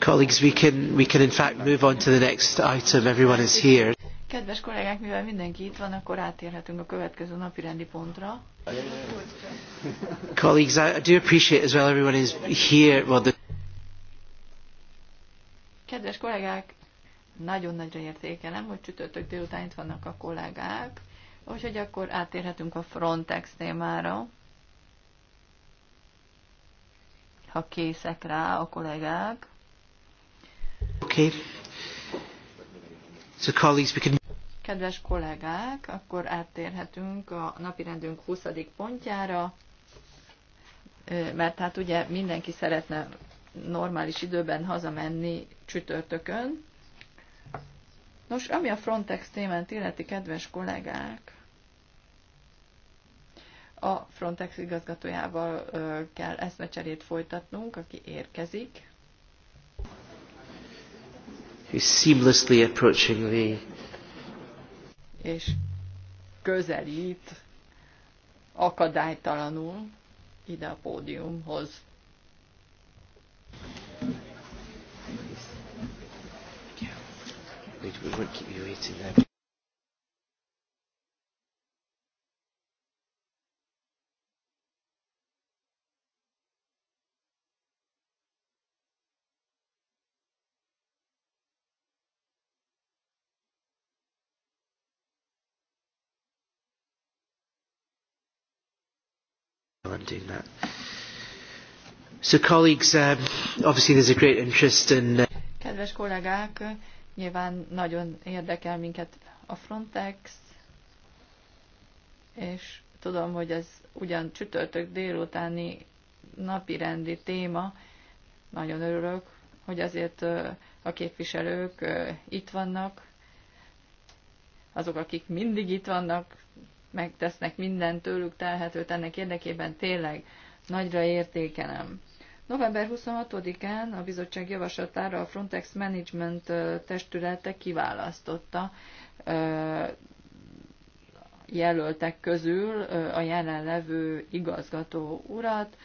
Colleagues, we can, we can in fact move on to the next item. Everyone is here. Kedves kollégák, mivel mindenki itt van, akkor átérhetünk a következő napi rendi pontra. Colleagues, I do appreciate as well everyone is here. Well, the... Kedves kollégák, nagyon nagyra értékelem, hogy csütörtök délután itt vannak a kollégák, úgyhogy akkor átérhetünk a Frontex témára. Ha készek rá a kollégák. Okay. So colleagues, we can... Kedves kollégák, akkor áttérhetünk a napirendünk 20. pontjára, mert hát ugye mindenki szeretne normális időben hazamenni csütörtökön. Nos, ami a Frontex témát illeti, kedves kollégák, a Frontex igazgatójával kell eszmecserét folytatnunk, aki érkezik who's seamlessly approaching the és közelít akadálytalanul ide a pódiumhoz. Yeah. We won't keep you waiting there. on doing that. So colleagues, um, obviously there's a great interest in... Uh, Kedves kollégák, nyilván nagyon érdekel minket a Frontex, és tudom, hogy ez ugyan csütörtök délutáni napi rendi téma, nagyon örülök, hogy azért a képviselők itt vannak, azok, akik mindig itt vannak, megtesznek mindent tőlük telhetőt ennek érdekében, tényleg nagyra értékelem. November 26-án a bizottság javaslatára a Frontex Management testülete kiválasztotta jelöltek közül a jelenlevő igazgató urat.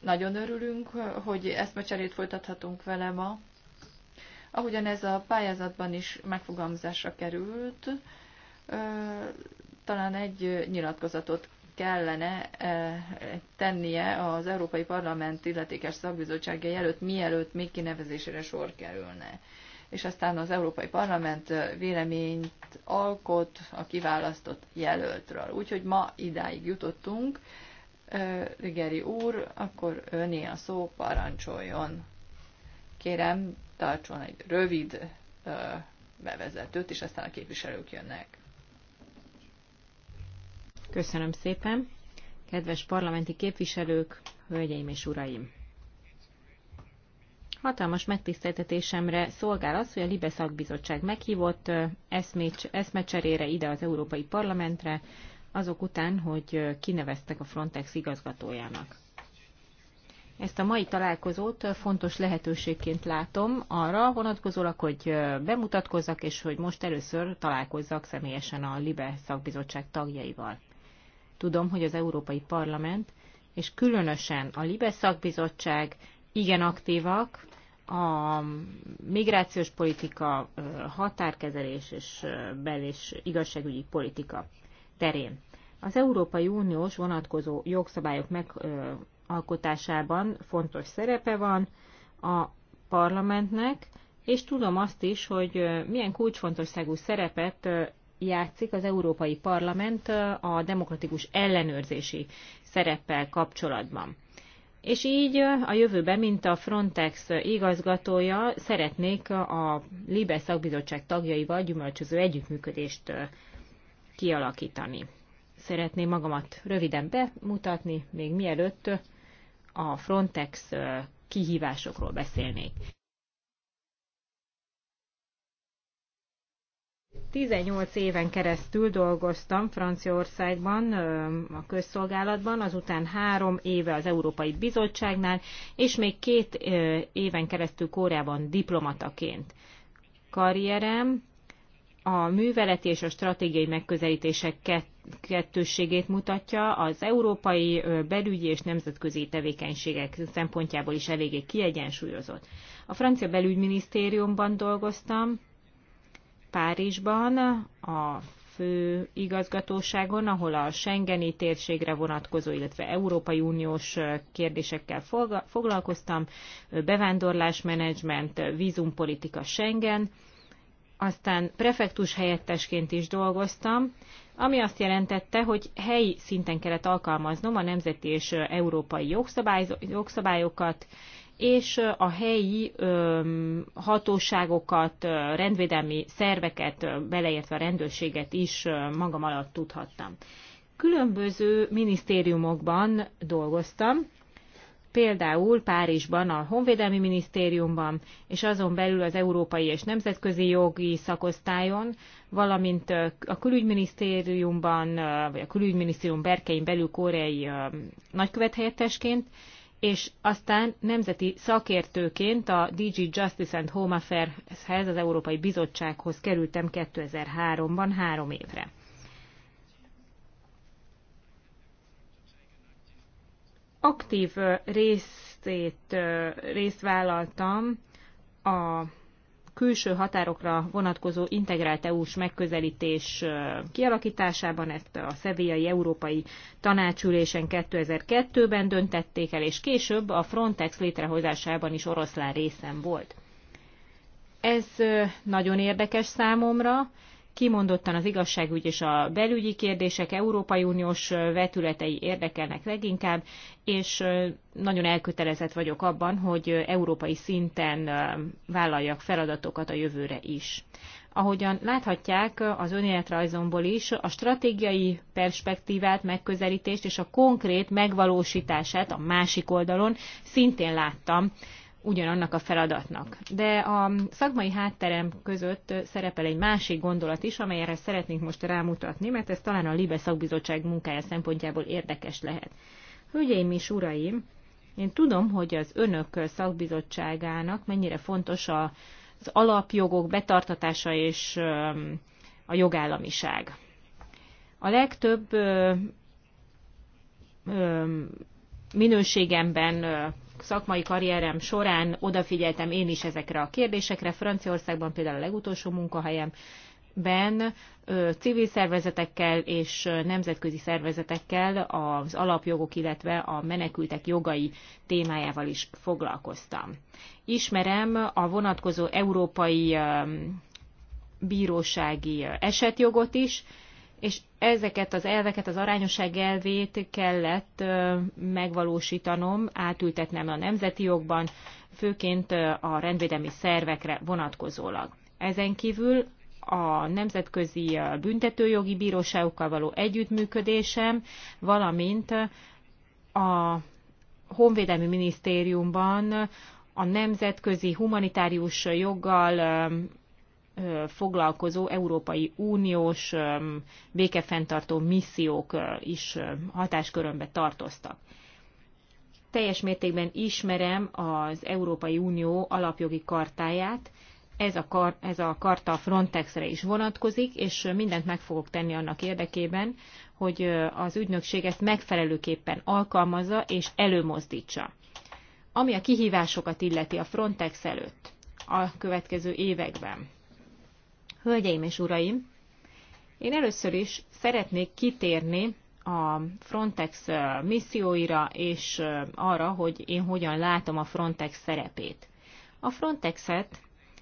Nagyon örülünk, hogy ezt cserét folytathatunk vele ma. Ahogyan ez a pályázatban is megfogalmazásra került, talán egy nyilatkozatot kellene tennie az Európai Parlament illetékes szakbizottságai előtt, mielőtt még kinevezésére sor kerülne. És aztán az Európai Parlament véleményt alkot a kiválasztott jelöltről. Úgyhogy ma idáig jutottunk. Rigeri úr, akkor öné a szó, parancsoljon. Kérem, tartson egy rövid bevezetőt, és aztán a képviselők jönnek. Köszönöm szépen. Kedves parlamenti képviselők, hölgyeim és uraim! Hatalmas megtiszteltetésemre szolgál az, hogy a Libe szakbizottság meghívott eszmecserére ide az Európai Parlamentre, azok után, hogy kineveztek a Frontex igazgatójának. Ezt a mai találkozót fontos lehetőségként látom arra vonatkozólag, hogy bemutatkozzak, és hogy most először találkozzak személyesen a LIBE szakbizottság tagjaival. Tudom, hogy az Európai Parlament, és különösen a Libe szakbizottság igen aktívak, a migrációs politika, határkezelés és bel- és igazságügyi politika terén. Az Európai Uniós vonatkozó jogszabályok megalkotásában fontos szerepe van a parlamentnek, és tudom azt is, hogy milyen kulcsfontosságú szerepet játszik az Európai Parlament a demokratikus ellenőrzési szereppel kapcsolatban. És így a jövőben, mint a Frontex igazgatója, szeretnék a Libe szakbizottság tagjaival gyümölcsöző együttműködést kialakítani. Szeretném magamat röviden bemutatni, még mielőtt a Frontex kihívásokról beszélnék. 18 éven keresztül dolgoztam Franciaországban a közszolgálatban, azután három éve az Európai Bizottságnál, és még két éven keresztül Kóreában diplomataként. Karrierem a műveleti és a stratégiai megközelítések kettősségét mutatja, az európai belügyi és nemzetközi tevékenységek szempontjából is eléggé kiegyensúlyozott. A francia belügyminisztériumban dolgoztam, Párizsban a fő igazgatóságon, ahol a Schengeni térségre vonatkozó, illetve Európai Uniós kérdésekkel foglalkoztam, bevándorlásmenedzsment, vízumpolitika Schengen, aztán prefektus helyettesként is dolgoztam, ami azt jelentette, hogy helyi szinten kellett alkalmaznom a nemzeti és európai jogszabályokat, és a helyi hatóságokat, rendvédelmi szerveket, beleértve a rendőrséget is magam alatt tudhattam. Különböző minisztériumokban dolgoztam, például Párizsban, a Honvédelmi Minisztériumban, és azon belül az Európai és Nemzetközi Jogi Szakosztályon, valamint a Külügyminisztériumban, vagy a Külügyminisztérium berkein belül koreai nagykövethelyettesként, és aztán nemzeti szakértőként a DG Justice and Home Affairs-hez, az Európai Bizottsághoz kerültem 2003-ban három évre. Aktív részét, részt vállaltam a külső határokra vonatkozó integrált EU-s megközelítés kialakításában. Ezt a Szevélyai Európai Tanácsülésen 2002-ben döntették el, és később a Frontex létrehozásában is oroszlán részen volt. Ez nagyon érdekes számomra, kimondottan az igazságügy és a belügyi kérdések Európai Uniós vetületei érdekelnek leginkább, és nagyon elkötelezett vagyok abban, hogy európai szinten vállaljak feladatokat a jövőre is. Ahogyan láthatják az önéletrajzomból is, a stratégiai perspektívát, megközelítést és a konkrét megvalósítását a másik oldalon szintén láttam ugyanannak a feladatnak. De a szakmai hátterem között szerepel egy másik gondolat is, amelyre szeretnénk most rámutatni, mert ez talán a Libe szakbizottság munkája szempontjából érdekes lehet. Hölgyeim és uraim, én tudom, hogy az önök szakbizottságának mennyire fontos az alapjogok betartatása és a jogállamiság. A legtöbb minőségemben szakmai karrierem során odafigyeltem én is ezekre a kérdésekre. Franciaországban például a legutolsó munkahelyemben civil szervezetekkel és nemzetközi szervezetekkel az alapjogok, illetve a menekültek jogai témájával is foglalkoztam. Ismerem a vonatkozó európai bírósági esetjogot is, és ezeket az elveket, az arányosság elvét kellett megvalósítanom, átültetnem a nemzeti jogban, főként a rendvédelmi szervekre vonatkozólag. Ezen kívül a Nemzetközi Büntetőjogi Bíróságokkal való együttműködésem, valamint a Honvédelmi Minisztériumban a nemzetközi humanitárius joggal foglalkozó Európai Uniós békefenntartó missziók is hatáskörömbe tartoztak. Teljes mértékben ismerem az Európai Unió alapjogi kartáját, ez a, kar, ez a karta Frontexre is vonatkozik, és mindent meg fogok tenni annak érdekében, hogy az ügynökség ezt megfelelőképpen alkalmazza és előmozdítsa. Ami a kihívásokat illeti a Frontex előtt a következő években. Hölgyeim és uraim, én először is szeretnék kitérni a Frontex misszióira, és arra, hogy én hogyan látom a Frontex szerepét. A Frontexet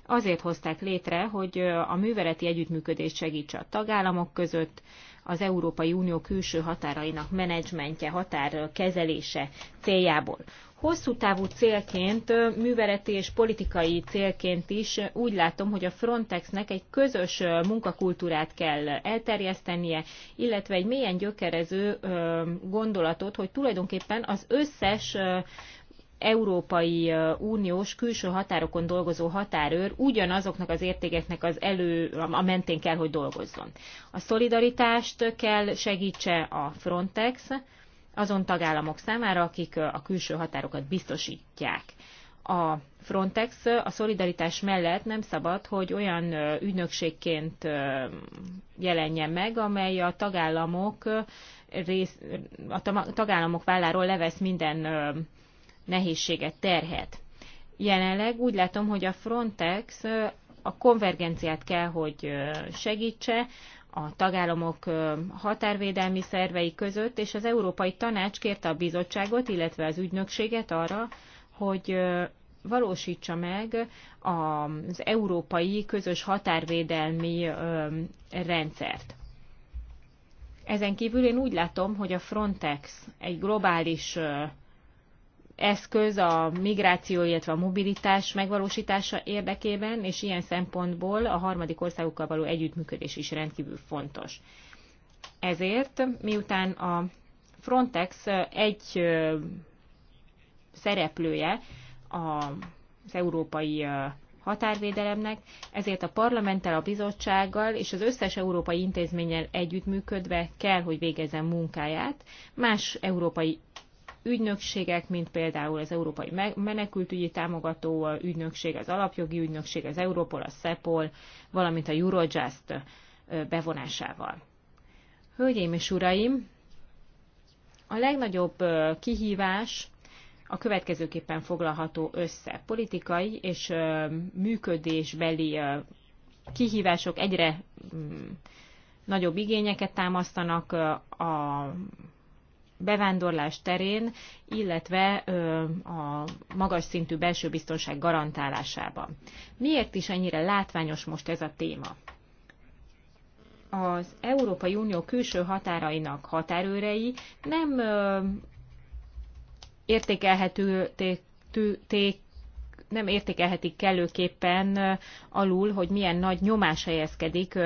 azért hozták létre, hogy a műveleti együttműködést segítse a tagállamok között, az Európai Unió külső határainak menedzsmentje, határkezelése céljából. Hosszú távú célként, műveleti és politikai célként is úgy látom, hogy a Frontexnek egy közös munkakultúrát kell elterjesztenie, illetve egy mélyen gyökerező gondolatot, hogy tulajdonképpen az összes Európai Uniós külső határokon dolgozó határőr ugyanazoknak az értékeknek az elő, a mentén kell, hogy dolgozzon. A szolidaritást kell segítse a Frontex azon tagállamok számára, akik a külső határokat biztosítják. A Frontex a szolidaritás mellett nem szabad, hogy olyan ügynökségként jelenjen meg, amely a tagállamok rész, a tagállamok válláról levesz minden nehézséget, terhet. Jelenleg úgy látom, hogy a Frontex a konvergenciát kell, hogy segítse a tagállamok határvédelmi szervei között, és az Európai Tanács kérte a bizottságot, illetve az ügynökséget arra, hogy valósítsa meg az európai közös határvédelmi rendszert. Ezen kívül én úgy látom, hogy a Frontex egy globális eszköz a migráció, illetve a mobilitás megvalósítása érdekében, és ilyen szempontból a harmadik országokkal való együttműködés is rendkívül fontos. Ezért, miután a Frontex egy szereplője az európai határvédelemnek, ezért a parlamenttel, a bizottsággal és az összes európai intézménnyel együttműködve kell, hogy végezzen munkáját. Más európai ügynökségek, mint például az Európai Menekültügyi Támogató Ügynökség, az Alapjogi Ügynökség, az Európol, a Szepol, valamint a Eurojust bevonásával. Hölgyeim és uraim, a legnagyobb kihívás a következőképpen foglalható össze. Politikai és működésbeli kihívások egyre mm, nagyobb igényeket támasztanak a bevándorlás terén, illetve a magas szintű belső biztonság garantálásában. Miért is ennyire látványos most ez a téma? Az Európai Unió külső határainak határőrei nem értékelhetőték nem értékelhetik kellőképpen alul, hogy milyen nagy nyomás helyezkedik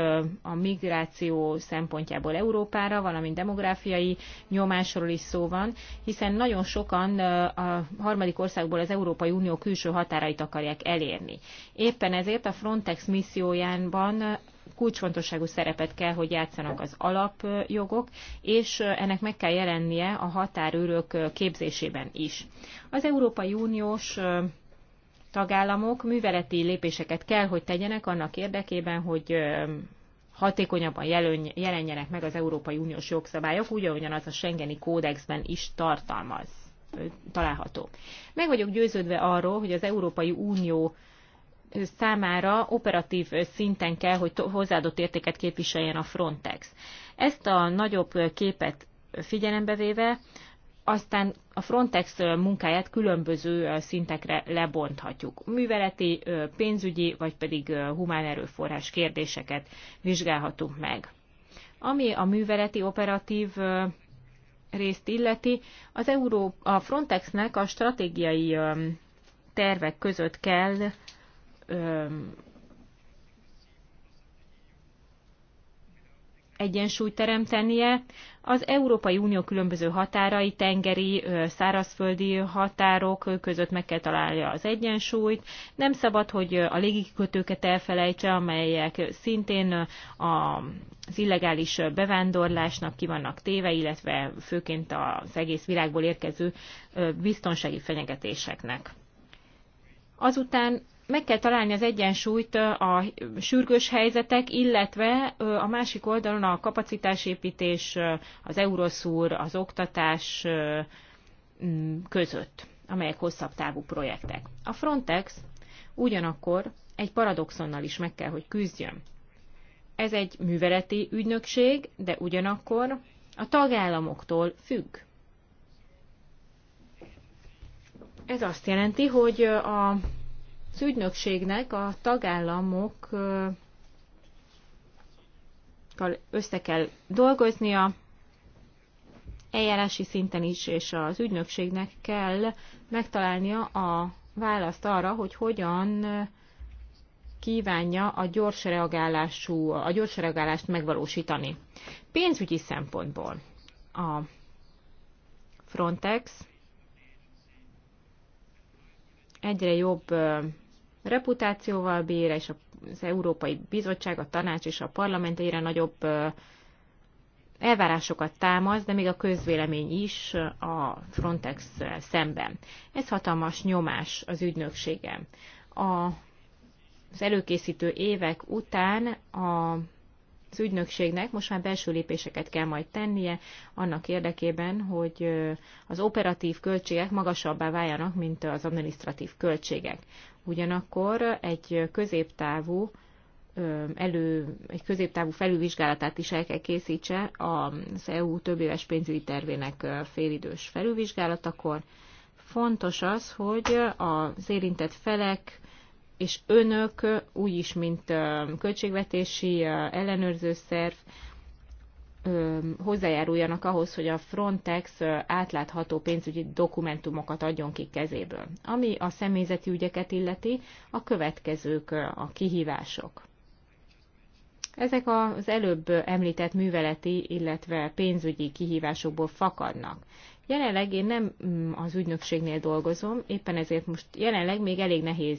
a migráció szempontjából Európára, valamint demográfiai nyomásról is szó van, hiszen nagyon sokan a harmadik országból az Európai Unió külső határait akarják elérni. Éppen ezért a Frontex missziójánban kulcsfontosságú szerepet kell, hogy játszanak az alapjogok, és ennek meg kell jelennie a határőrök képzésében is. Az Európai Uniós tagállamok műveleti lépéseket kell, hogy tegyenek annak érdekében, hogy hatékonyabban jelenjenek meg az Európai Uniós jogszabályok, úgy, ahogyan az a Schengeni kódexben is tartalmaz, található. Meg vagyok győződve arról, hogy az Európai Unió számára operatív szinten kell, hogy hozzáadott értéket képviseljen a Frontex. Ezt a nagyobb képet figyelembe véve aztán a Frontex munkáját különböző szintekre lebonthatjuk. Műveleti, pénzügyi, vagy pedig humán erőforrás kérdéseket vizsgálhatunk meg. Ami a műveleti operatív részt illeti, az Euró, a Frontexnek a stratégiai tervek között kell egyensúlyt teremtenie az Európai Unió különböző határai, tengeri, szárazföldi határok között meg kell találja az egyensúlyt. Nem szabad, hogy a légikötőket elfelejtse, amelyek szintén az illegális bevándorlásnak ki vannak téve, illetve főként az egész világból érkező biztonsági fenyegetéseknek. Azután meg kell találni az egyensúlyt a sürgős helyzetek, illetve a másik oldalon a kapacitásépítés, az Euroszúr, az oktatás között, amelyek hosszabb távú projektek. A Frontex ugyanakkor egy paradoxonnal is meg kell, hogy küzdjön. Ez egy műveleti ügynökség, de ugyanakkor a tagállamoktól függ. Ez azt jelenti, hogy a az ügynökségnek a tagállamokkal össze kell dolgoznia, eljárási szinten is, és az ügynökségnek kell megtalálnia a választ arra, hogy hogyan kívánja a gyors, reagálású, a gyors reagálást megvalósítani. Pénzügyi szempontból a Frontex egyre jobb reputációval bír, és az Európai Bizottság, a Tanács és a Parlament egyre nagyobb elvárásokat támaszt, de még a közvélemény is a Frontex szemben. Ez hatalmas nyomás az ügynökségem. A, az előkészítő évek után a az ügynökségnek most már belső lépéseket kell majd tennie annak érdekében, hogy az operatív költségek magasabbá váljanak, mint az administratív költségek. Ugyanakkor egy középtávú elő, egy középtávú felülvizsgálatát is el kell készítse az EU több éves pénzügyi tervének félidős felülvizsgálatakor. Fontos az, hogy az érintett felek és önök úgy is, mint költségvetési ellenőrző szerv, hozzájáruljanak ahhoz, hogy a Frontex átlátható pénzügyi dokumentumokat adjon ki kezéből. Ami a személyzeti ügyeket illeti, a következők a kihívások. Ezek az előbb említett műveleti, illetve pénzügyi kihívásokból fakadnak. Jelenleg én nem mm, az ügynökségnél dolgozom, éppen ezért most jelenleg még elég nehéz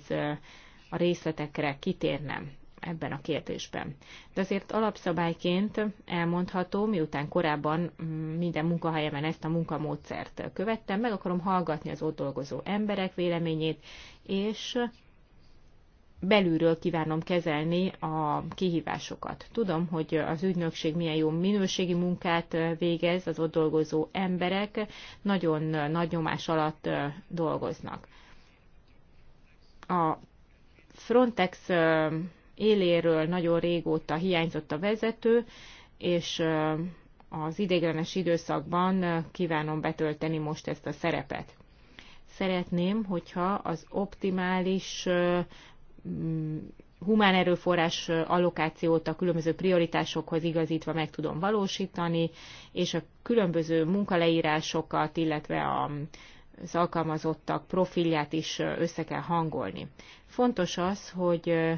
a részletekre kitérnem ebben a kérdésben. De azért alapszabályként elmondható, miután korábban mm, minden munkahelyemen ezt a munkamódszert követtem, meg akarom hallgatni az ott dolgozó emberek véleményét, és belülről kívánom kezelni a kihívásokat. Tudom, hogy az ügynökség milyen jó minőségi munkát végez, az ott dolgozó emberek nagyon nagy nyomás alatt dolgoznak. A Frontex éléről nagyon régóta hiányzott a vezető, és az idéglenes időszakban kívánom betölteni most ezt a szerepet. Szeretném, hogyha az optimális humán erőforrás allokációt a különböző prioritásokhoz igazítva meg tudom valósítani, és a különböző munkaleírásokat, illetve a az alkalmazottak profilját is össze kell hangolni. Fontos az, hogy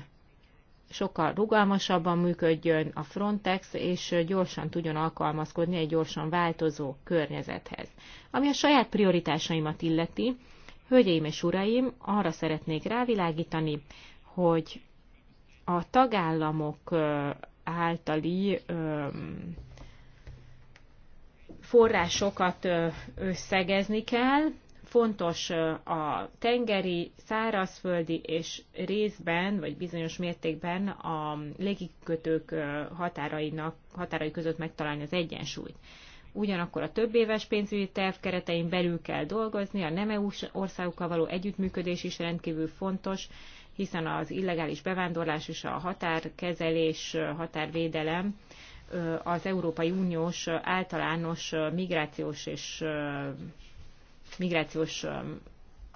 sokkal rugalmasabban működjön a Frontex, és gyorsan tudjon alkalmazkodni egy gyorsan változó környezethez. Ami a saját prioritásaimat illeti, hölgyeim és uraim, arra szeretnék rávilágítani, hogy a tagállamok általi forrásokat összegezni kell, fontos a tengeri, szárazföldi és részben, vagy bizonyos mértékben a légikötők határainak, határai között megtalálni az egyensúlyt. Ugyanakkor a több éves pénzügyi terv keretein belül kell dolgozni, a nem eu országokkal való együttműködés is rendkívül fontos, hiszen az illegális bevándorlás és a határkezelés, határvédelem az Európai Uniós általános migrációs és migrációs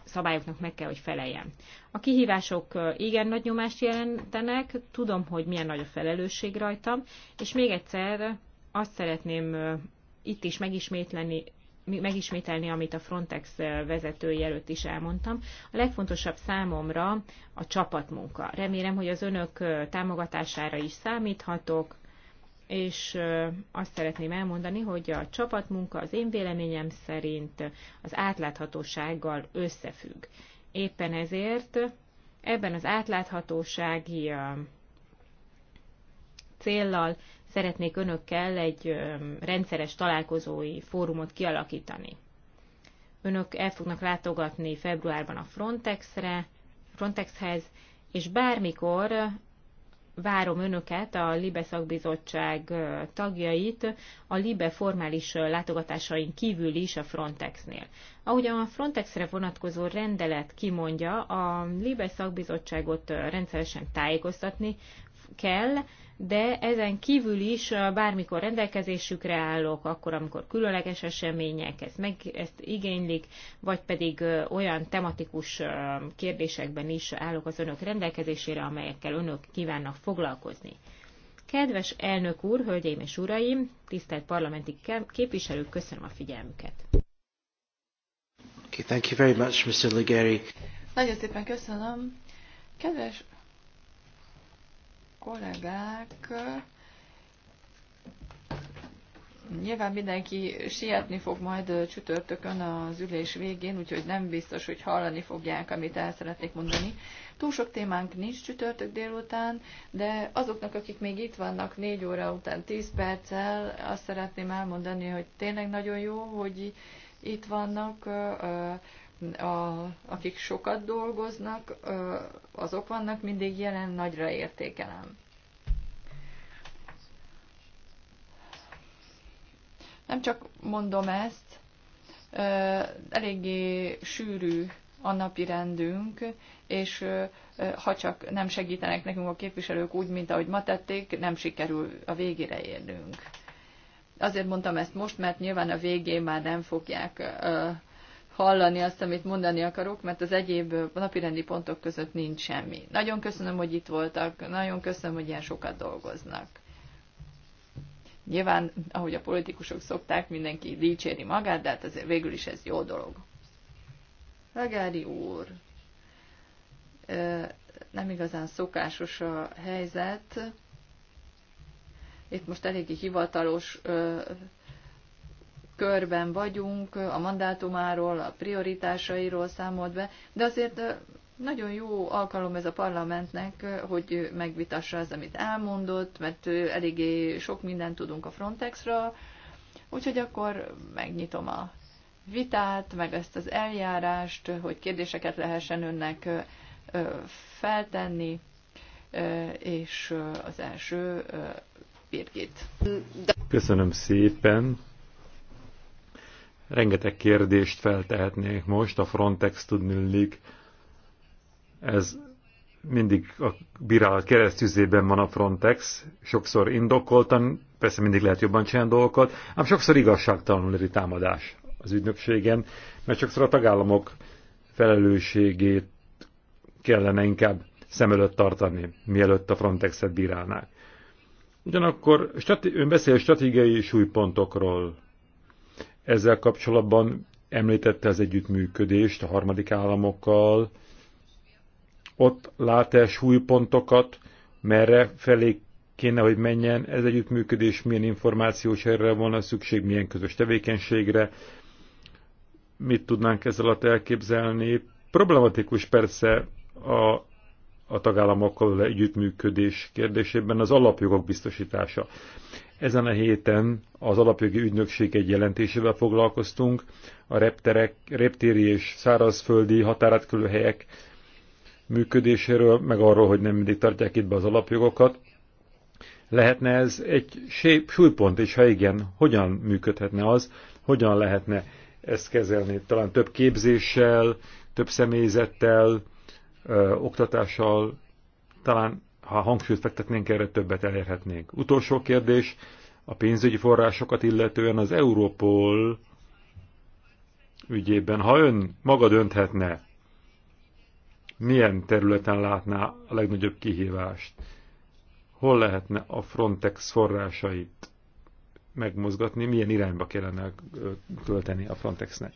szabályoknak meg kell, hogy feleljen. A kihívások igen nagy nyomást jelentenek, tudom, hogy milyen nagy a felelősség rajtam, és még egyszer azt szeretném itt is megismétleni, megismételni, amit a Frontex vezetője előtt is elmondtam. A legfontosabb számomra a csapatmunka. Remélem, hogy az önök támogatására is számíthatok, és azt szeretném elmondani, hogy a csapatmunka az én véleményem szerint az átláthatósággal összefügg. Éppen ezért ebben az átláthatósági céllal szeretnék önökkel egy rendszeres találkozói fórumot kialakítani. Önök el fognak látogatni februárban a Frontexre, Frontexhez, és bármikor várom önöket, a LIBE szakbizottság tagjait, a LIBE formális látogatásain kívül is a Frontexnél. Ahogyan a Frontexre vonatkozó rendelet kimondja, a LIBE szakbizottságot rendszeresen tájékoztatni kell, de ezen kívül is bármikor rendelkezésükre állok, akkor, amikor különleges események ezt, meg, ezt igénylik, vagy pedig olyan tematikus kérdésekben is állok az önök rendelkezésére, amelyekkel önök kívánnak foglalkozni. Kedves elnök úr, hölgyeim és uraim, tisztelt parlamenti képviselők, köszönöm a figyelmüket. Okay, thank you very much, Mr. Ligeri. Nagyon szépen köszönöm. Kedves kollégák, nyilván mindenki sietni fog majd csütörtökön az ülés végén, úgyhogy nem biztos, hogy hallani fogják, amit el szeretnék mondani. Túl sok témánk nincs csütörtök délután, de azoknak, akik még itt vannak 4 óra után 10 perccel, azt szeretném elmondani, hogy tényleg nagyon jó, hogy itt vannak a, akik sokat dolgoznak, azok vannak mindig jelen, nagyra értékelem. Nem csak mondom ezt, eléggé sűrű a napi rendünk, és ha csak nem segítenek nekünk a képviselők úgy, mint ahogy ma tették, nem sikerül a végére érnünk. Azért mondtam ezt most, mert nyilván a végén már nem fogják hallani azt, amit mondani akarok, mert az egyéb napirendi pontok között nincs semmi. Nagyon köszönöm, hogy itt voltak, nagyon köszönöm, hogy ilyen sokat dolgoznak. Nyilván, ahogy a politikusok szokták, mindenki dicséri magát, de hát azért végül is ez jó dolog. Legári úr, nem igazán szokásos a helyzet. Itt most eléggé hivatalos körben vagyunk, a mandátumáról, a prioritásairól számolt be, de azért nagyon jó alkalom ez a parlamentnek, hogy megvitassa az, amit elmondott, mert eléggé sok mindent tudunk a Frontexra, úgyhogy akkor megnyitom a vitát, meg ezt az eljárást, hogy kérdéseket lehessen önnek feltenni, és az első Birgit. Köszönöm szépen. Rengeteg kérdést feltehetnék. most, a Frontex tudnillik. Ez mindig a bírálat keresztüzében van a Frontex, sokszor indokoltan, persze mindig lehet jobban csinálni dolgokat, ám sokszor igazságtalanul támadás az ügynökségen, mert sokszor a tagállamok felelősségét kellene inkább szem előtt tartani, mielőtt a Frontexet bírálnák. Ugyanakkor ön beszél stratégiai súlypontokról, ezzel kapcsolatban említette az együttműködést a harmadik államokkal. Ott lát el súlypontokat, merre felé kéne, hogy menjen ez együttműködés, milyen információs erre volna szükség, milyen közös tevékenységre, mit tudnánk ezzel alatt elképzelni. Problematikus persze a, a tagállamokkal együttműködés kérdésében az alapjogok biztosítása. Ezen a héten az alapjogi ügynökség egy jelentésével foglalkoztunk, a repterek, reptéri és szárazföldi határátkülő helyek működéséről, meg arról, hogy nem mindig tartják itt be az alapjogokat. Lehetne ez egy súlypont, és ha igen, hogyan működhetne az, hogyan lehetne ezt kezelni? Talán több képzéssel, több személyzettel, ö, oktatással, talán ha hangsúlyt fektetnénk erre, többet elérhetnénk. Utolsó kérdés, a pénzügyi forrásokat illetően az Európol ügyében, ha ön maga dönthetne, milyen területen látná a legnagyobb kihívást? Hol lehetne a Frontex forrásait megmozgatni, milyen irányba kellene költeni a Frontexnek?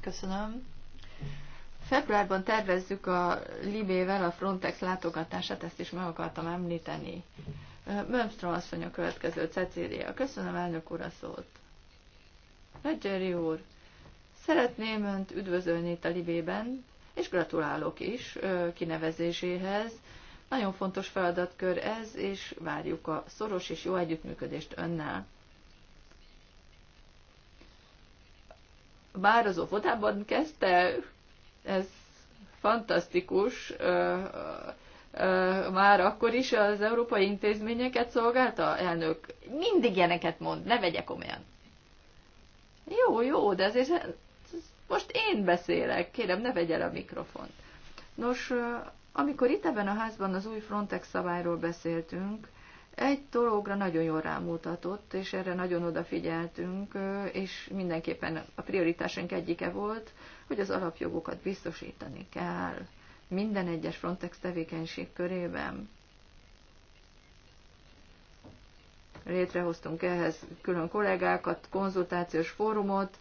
Köszönöm. Februárban tervezzük a Libével a Frontex látogatását, ezt is meg akartam említeni. Mömström asszony a következő, Cecília. Köszönöm elnök úr a szót. Nagygyeri úr, szeretném Önt üdvözölni itt a Libében, és gratulálok is kinevezéséhez. Nagyon fontos feladatkör ez, és várjuk a szoros és jó együttműködést Önnel. Bár az óvodában kezdte, ez fantasztikus, már akkor is az európai intézményeket szolgálta elnök. Mindig ilyeneket mond, ne vegye komolyan. Jó, jó, de azért most én beszélek, kérem, ne vegye a mikrofont. Nos, amikor itt ebben a házban az új Frontex szabályról beszéltünk, egy dologra nagyon jól rámutatott, és erre nagyon odafigyeltünk, és mindenképpen a prioritásunk egyike volt, hogy az alapjogokat biztosítani kell minden egyes Frontex tevékenység körében. Létrehoztunk ehhez külön kollégákat, konzultációs fórumot,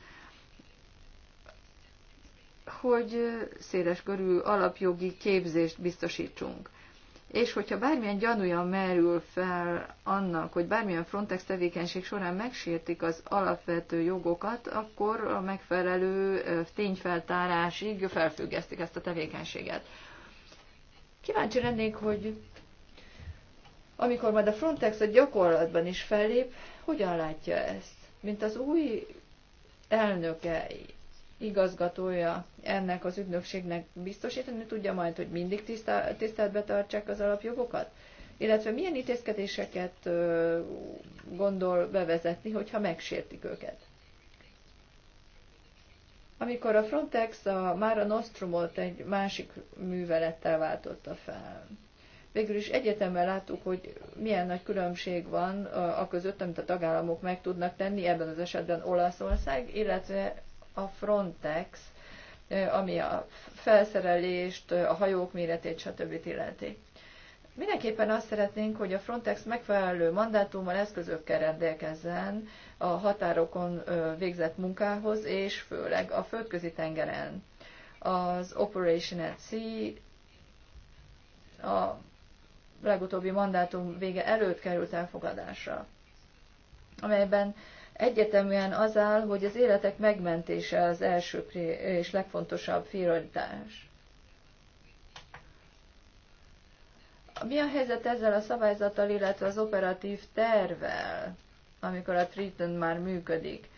hogy széles körül alapjogi képzést biztosítsunk és hogyha bármilyen gyanúja merül fel annak, hogy bármilyen Frontex tevékenység során megsértik az alapvető jogokat, akkor a megfelelő tényfeltárásig felfüggesztik ezt a tevékenységet. Kíváncsi lennék, hogy amikor majd a Frontex a gyakorlatban is fellép, hogyan látja ezt? Mint az új elnöke igazgatója ennek az ügynökségnek biztosítani tudja majd, hogy mindig tiszteletbe tartsák az alapjogokat? Illetve milyen intézkedéseket gondol bevezetni, hogyha megsértik őket? Amikor a Frontex a Mára Nostrumot egy másik művelettel váltotta fel, végül is egyetemmel láttuk, hogy milyen nagy különbség van a között, amit a tagállamok meg tudnak tenni, ebben az esetben Olaszország, illetve a Frontex, ami a felszerelést, a hajók méretét, stb. illeti. Mindenképpen azt szeretnénk, hogy a Frontex megfelelő mandátummal, eszközökkel rendelkezzen a határokon végzett munkához, és főleg a földközi tengeren. Az Operation at Sea a legutóbbi mandátum vége előtt került elfogadásra, amelyben Egyeteműen az áll, hogy az életek megmentése az első és legfontosabb prioritás. Mi a helyzet ezzel a szabályzattal, illetve az operatív tervel, amikor a Triton már működik?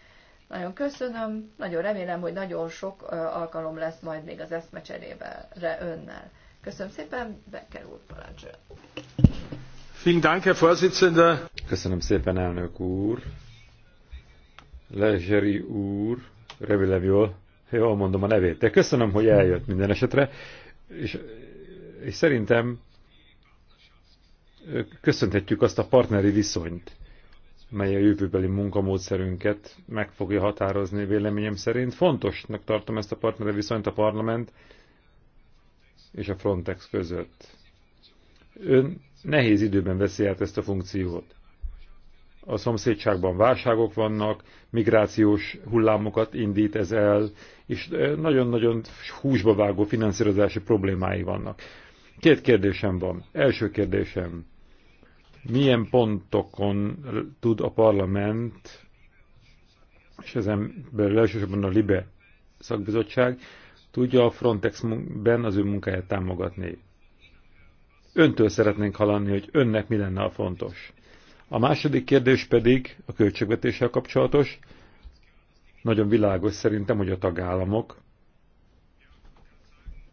Nagyon köszönöm, nagyon remélem, hogy nagyon sok alkalom lesz majd még az eszmecserébe önnel. Köszönöm szépen, Becker úr parancsol. Köszönöm szépen, elnök úr. Lezseri úr, remélem jól, jól mondom a nevét, de köszönöm, hogy eljött minden esetre, és, és szerintem köszönhetjük azt a partneri viszonyt, mely a jövőbeli munkamódszerünket meg fogja határozni véleményem szerint. Fontosnak tartom ezt a partneri viszonyt a parlament és a Frontex között. Ön nehéz időben veszi át ezt a funkciót a szomszédságban válságok vannak, migrációs hullámokat indít ez el, és nagyon-nagyon húsba vágó finanszírozási problémái vannak. Két kérdésem van. Első kérdésem, milyen pontokon tud a parlament, és ezen belül elsősorban a LIBE szakbizottság, tudja a Frontex-ben az ő munkáját támogatni? Öntől szeretnénk hallani, hogy önnek mi lenne a fontos a második kérdés pedig a költségvetéssel kapcsolatos. Nagyon világos szerintem, hogy a tagállamok,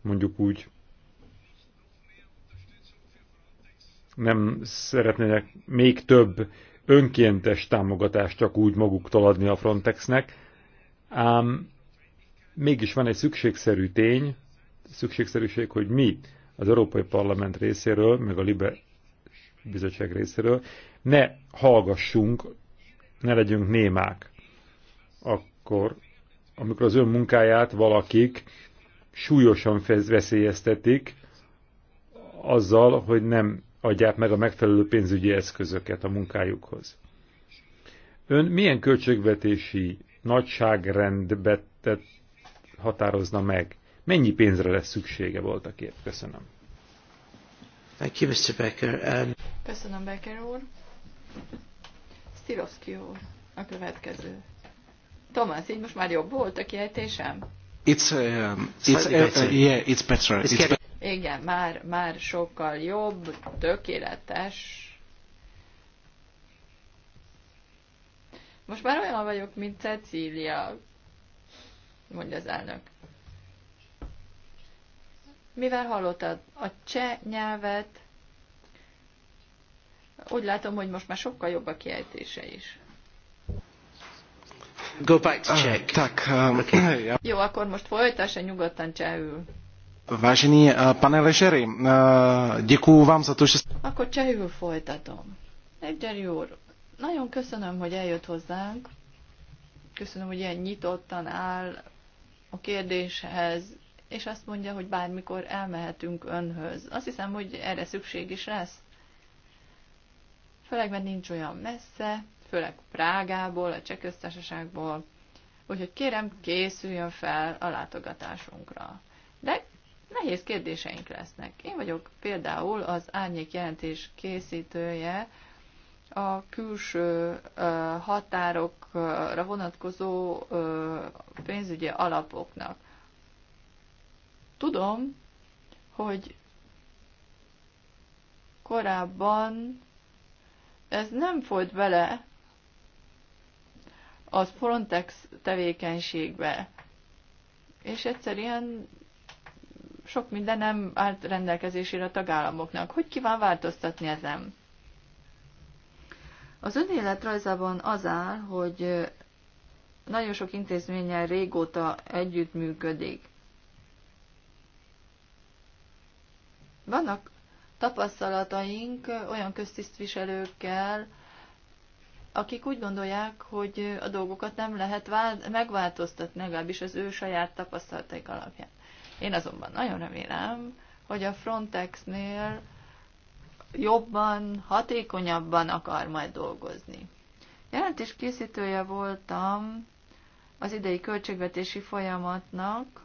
mondjuk úgy, nem szeretnének még több önkéntes támogatást csak úgy maguktól adni a Frontexnek, ám mégis van egy szükségszerű tény, szükségszerűség, hogy mi az Európai Parlament részéről, meg a Libe Bizottság részéről ne hallgassunk, ne legyünk némák, akkor, amikor az ön munkáját valakik súlyosan veszélyeztetik azzal, hogy nem adják meg a megfelelő pénzügyi eszközöket a munkájukhoz. Ön milyen költségvetési nagyságrendbe határozna meg? Mennyi pénzre lesz szüksége voltakért? Köszönöm. Thank you, Mr. Becker. Um... Köszönöm, Becker úr. Szilovszki úr, a következő. Tomás, így most már jobb volt a kiejtésem? It's, uh, it's, uh, uh, yeah, it's better. It's it's better. Igen, már, már sokkal jobb, tökéletes. Most már olyan vagyok, mint Cecília, mondja az elnök. Mivel hallottad a cseh nyelvet, úgy látom, hogy most már sokkal jobb a kiejtése is. Go back to Uh, tak, um, okay. yeah. Jó, akkor most folytassa nyugodtan csehül. Vážený eh, pane Ležery, eh, děkuju vám za to, že... Akkor csehül folytatom. Egyen úr, nagyon köszönöm, hogy eljött hozzánk. Köszönöm, hogy ilyen nyitottan áll a kérdéshez, és azt mondja, hogy bármikor elmehetünk önhöz. Azt hiszem, hogy erre szükség is lesz főleg mert nincs olyan messze, főleg Prágából, a Cseh Köztársaságból, úgyhogy kérem, készüljön fel a látogatásunkra. De nehéz kérdéseink lesznek. Én vagyok például az árnyék jelentés készítője a külső határokra vonatkozó pénzügyi alapoknak. Tudom, hogy korábban ez nem folyt bele az Frontex tevékenységbe, és egyszerűen sok minden nem állt rendelkezésére a tagállamoknak. Hogy kíván változtatni ezen? Az önéletrajzában az áll, hogy nagyon sok intézménnyel régóta együttműködik. Vannak tapasztalataink olyan köztisztviselőkkel, akik úgy gondolják, hogy a dolgokat nem lehet megváltoztatni, legalábbis az ő saját tapasztalataik alapján. Én azonban nagyon remélem, hogy a Frontexnél jobban, hatékonyabban akar majd dolgozni. Jelentés készítője voltam az idei költségvetési folyamatnak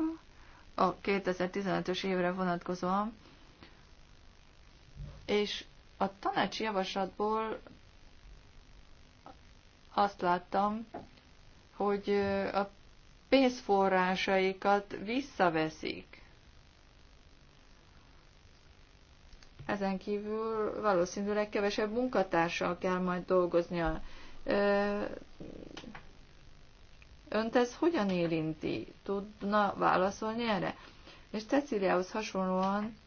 a 2015-ös évre vonatkozóan, és a tanácsi javaslatból azt láttam, hogy a pénzforrásaikat visszaveszik. Ezen kívül valószínűleg kevesebb munkatársal kell majd dolgoznia. Önt ez hogyan érinti? Tudna válaszolni erre? És Ceciliához hasonlóan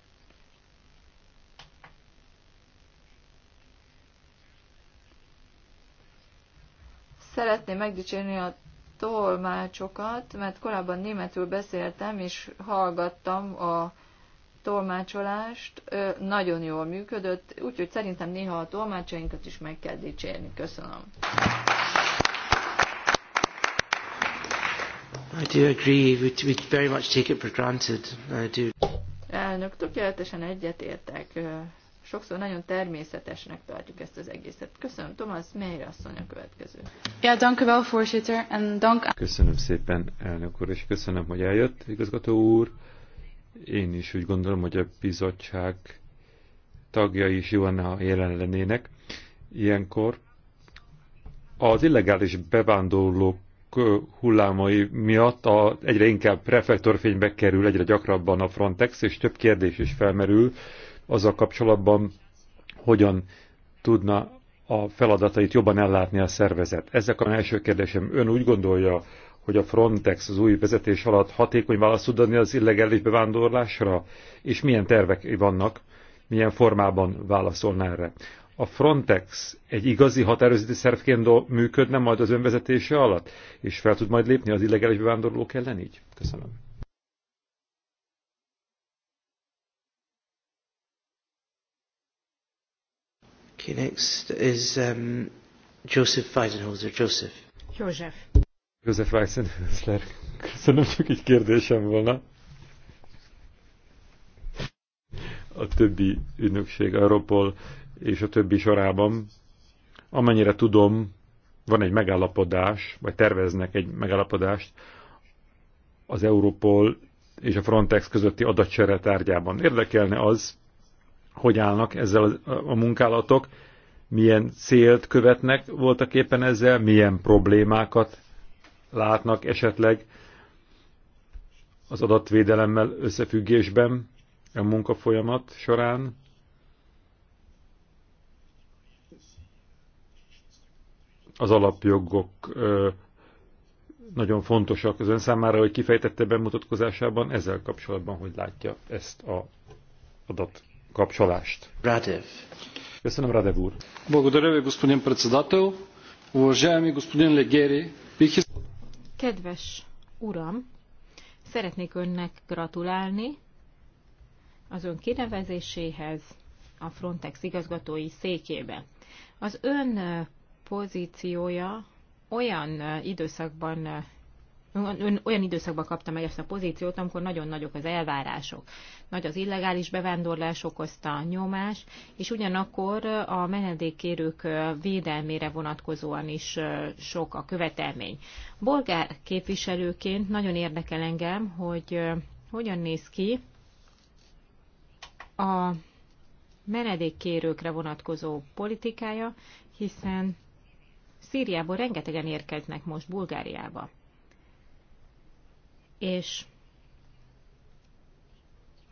Szeretném megdicsérni a tolmácsokat, mert korábban németül beszéltem, és hallgattam a tolmácsolást. Ö, nagyon jól működött, úgyhogy szerintem néha a tolmácsainkat is meg kell dicsérni. Köszönöm. I do agree. We, we very much take it for granted. I do. Elnök, tökéletesen egyetértek sokszor nagyon természetesnek tartjuk ezt az egészet. Köszönöm, Thomas, melyre asszony a következő? Ja, dank u wel, voorzitter, and dank... Köszönöm szépen, elnök úr, és köszönöm, hogy eljött, igazgató úr. Én is úgy gondolom, hogy a bizottság tagjai is jóan a jelen lennének. Ilyenkor az illegális bevándorlók hullámai miatt a, egyre inkább prefektorfénybe kerül, egyre gyakrabban a Frontex, és több kérdés is felmerül, a kapcsolatban, hogyan tudna a feladatait jobban ellátni a szervezet. Ezek a első kérdésem. Ön úgy gondolja, hogy a Frontex az új vezetés alatt hatékony választ tud adni az illegális bevándorlásra? És milyen tervek vannak, milyen formában válaszolná erre? A Frontex egy igazi határozati szervként működne majd az önvezetése alatt? És fel tud majd lépni az illegális bevándorlók ellen így? Köszönöm. Okay, next is um, Joseph Weisenholzer. Joseph. József. József Weisenholzer. Köszönöm, csak egy kérdésem volna. A többi ügynökség, Europol és a többi sorában, amennyire tudom, van egy megállapodás, vagy terveznek egy megállapodást az Europol és a Frontex közötti adatcsere tárgyában. Érdekelne az, hogy állnak ezzel a munkálatok, milyen célt követnek voltak éppen ezzel, milyen problémákat látnak esetleg az adatvédelemmel összefüggésben a munkafolyamat során. Az alapjogok nagyon fontosak az ön számára, hogy kifejtette bemutatkozásában ezzel kapcsolatban, hogy látja ezt a adat kapcsolást. Radev. Köszönöm, Radev úr. Kedves uram, szeretnék önnek gratulálni az ön kinevezéséhez a Frontex igazgatói székébe. Az ön pozíciója olyan időszakban ön olyan időszakban kapta meg ezt a pozíciót, amikor nagyon nagyok az elvárások. Nagy az illegális bevándorlás okozta nyomás, és ugyanakkor a menedékkérők védelmére vonatkozóan is sok a követelmény. Bolgár képviselőként nagyon érdekel engem, hogy hogyan néz ki a menedékkérőkre vonatkozó politikája, hiszen Szíriából rengetegen érkeznek most Bulgáriába és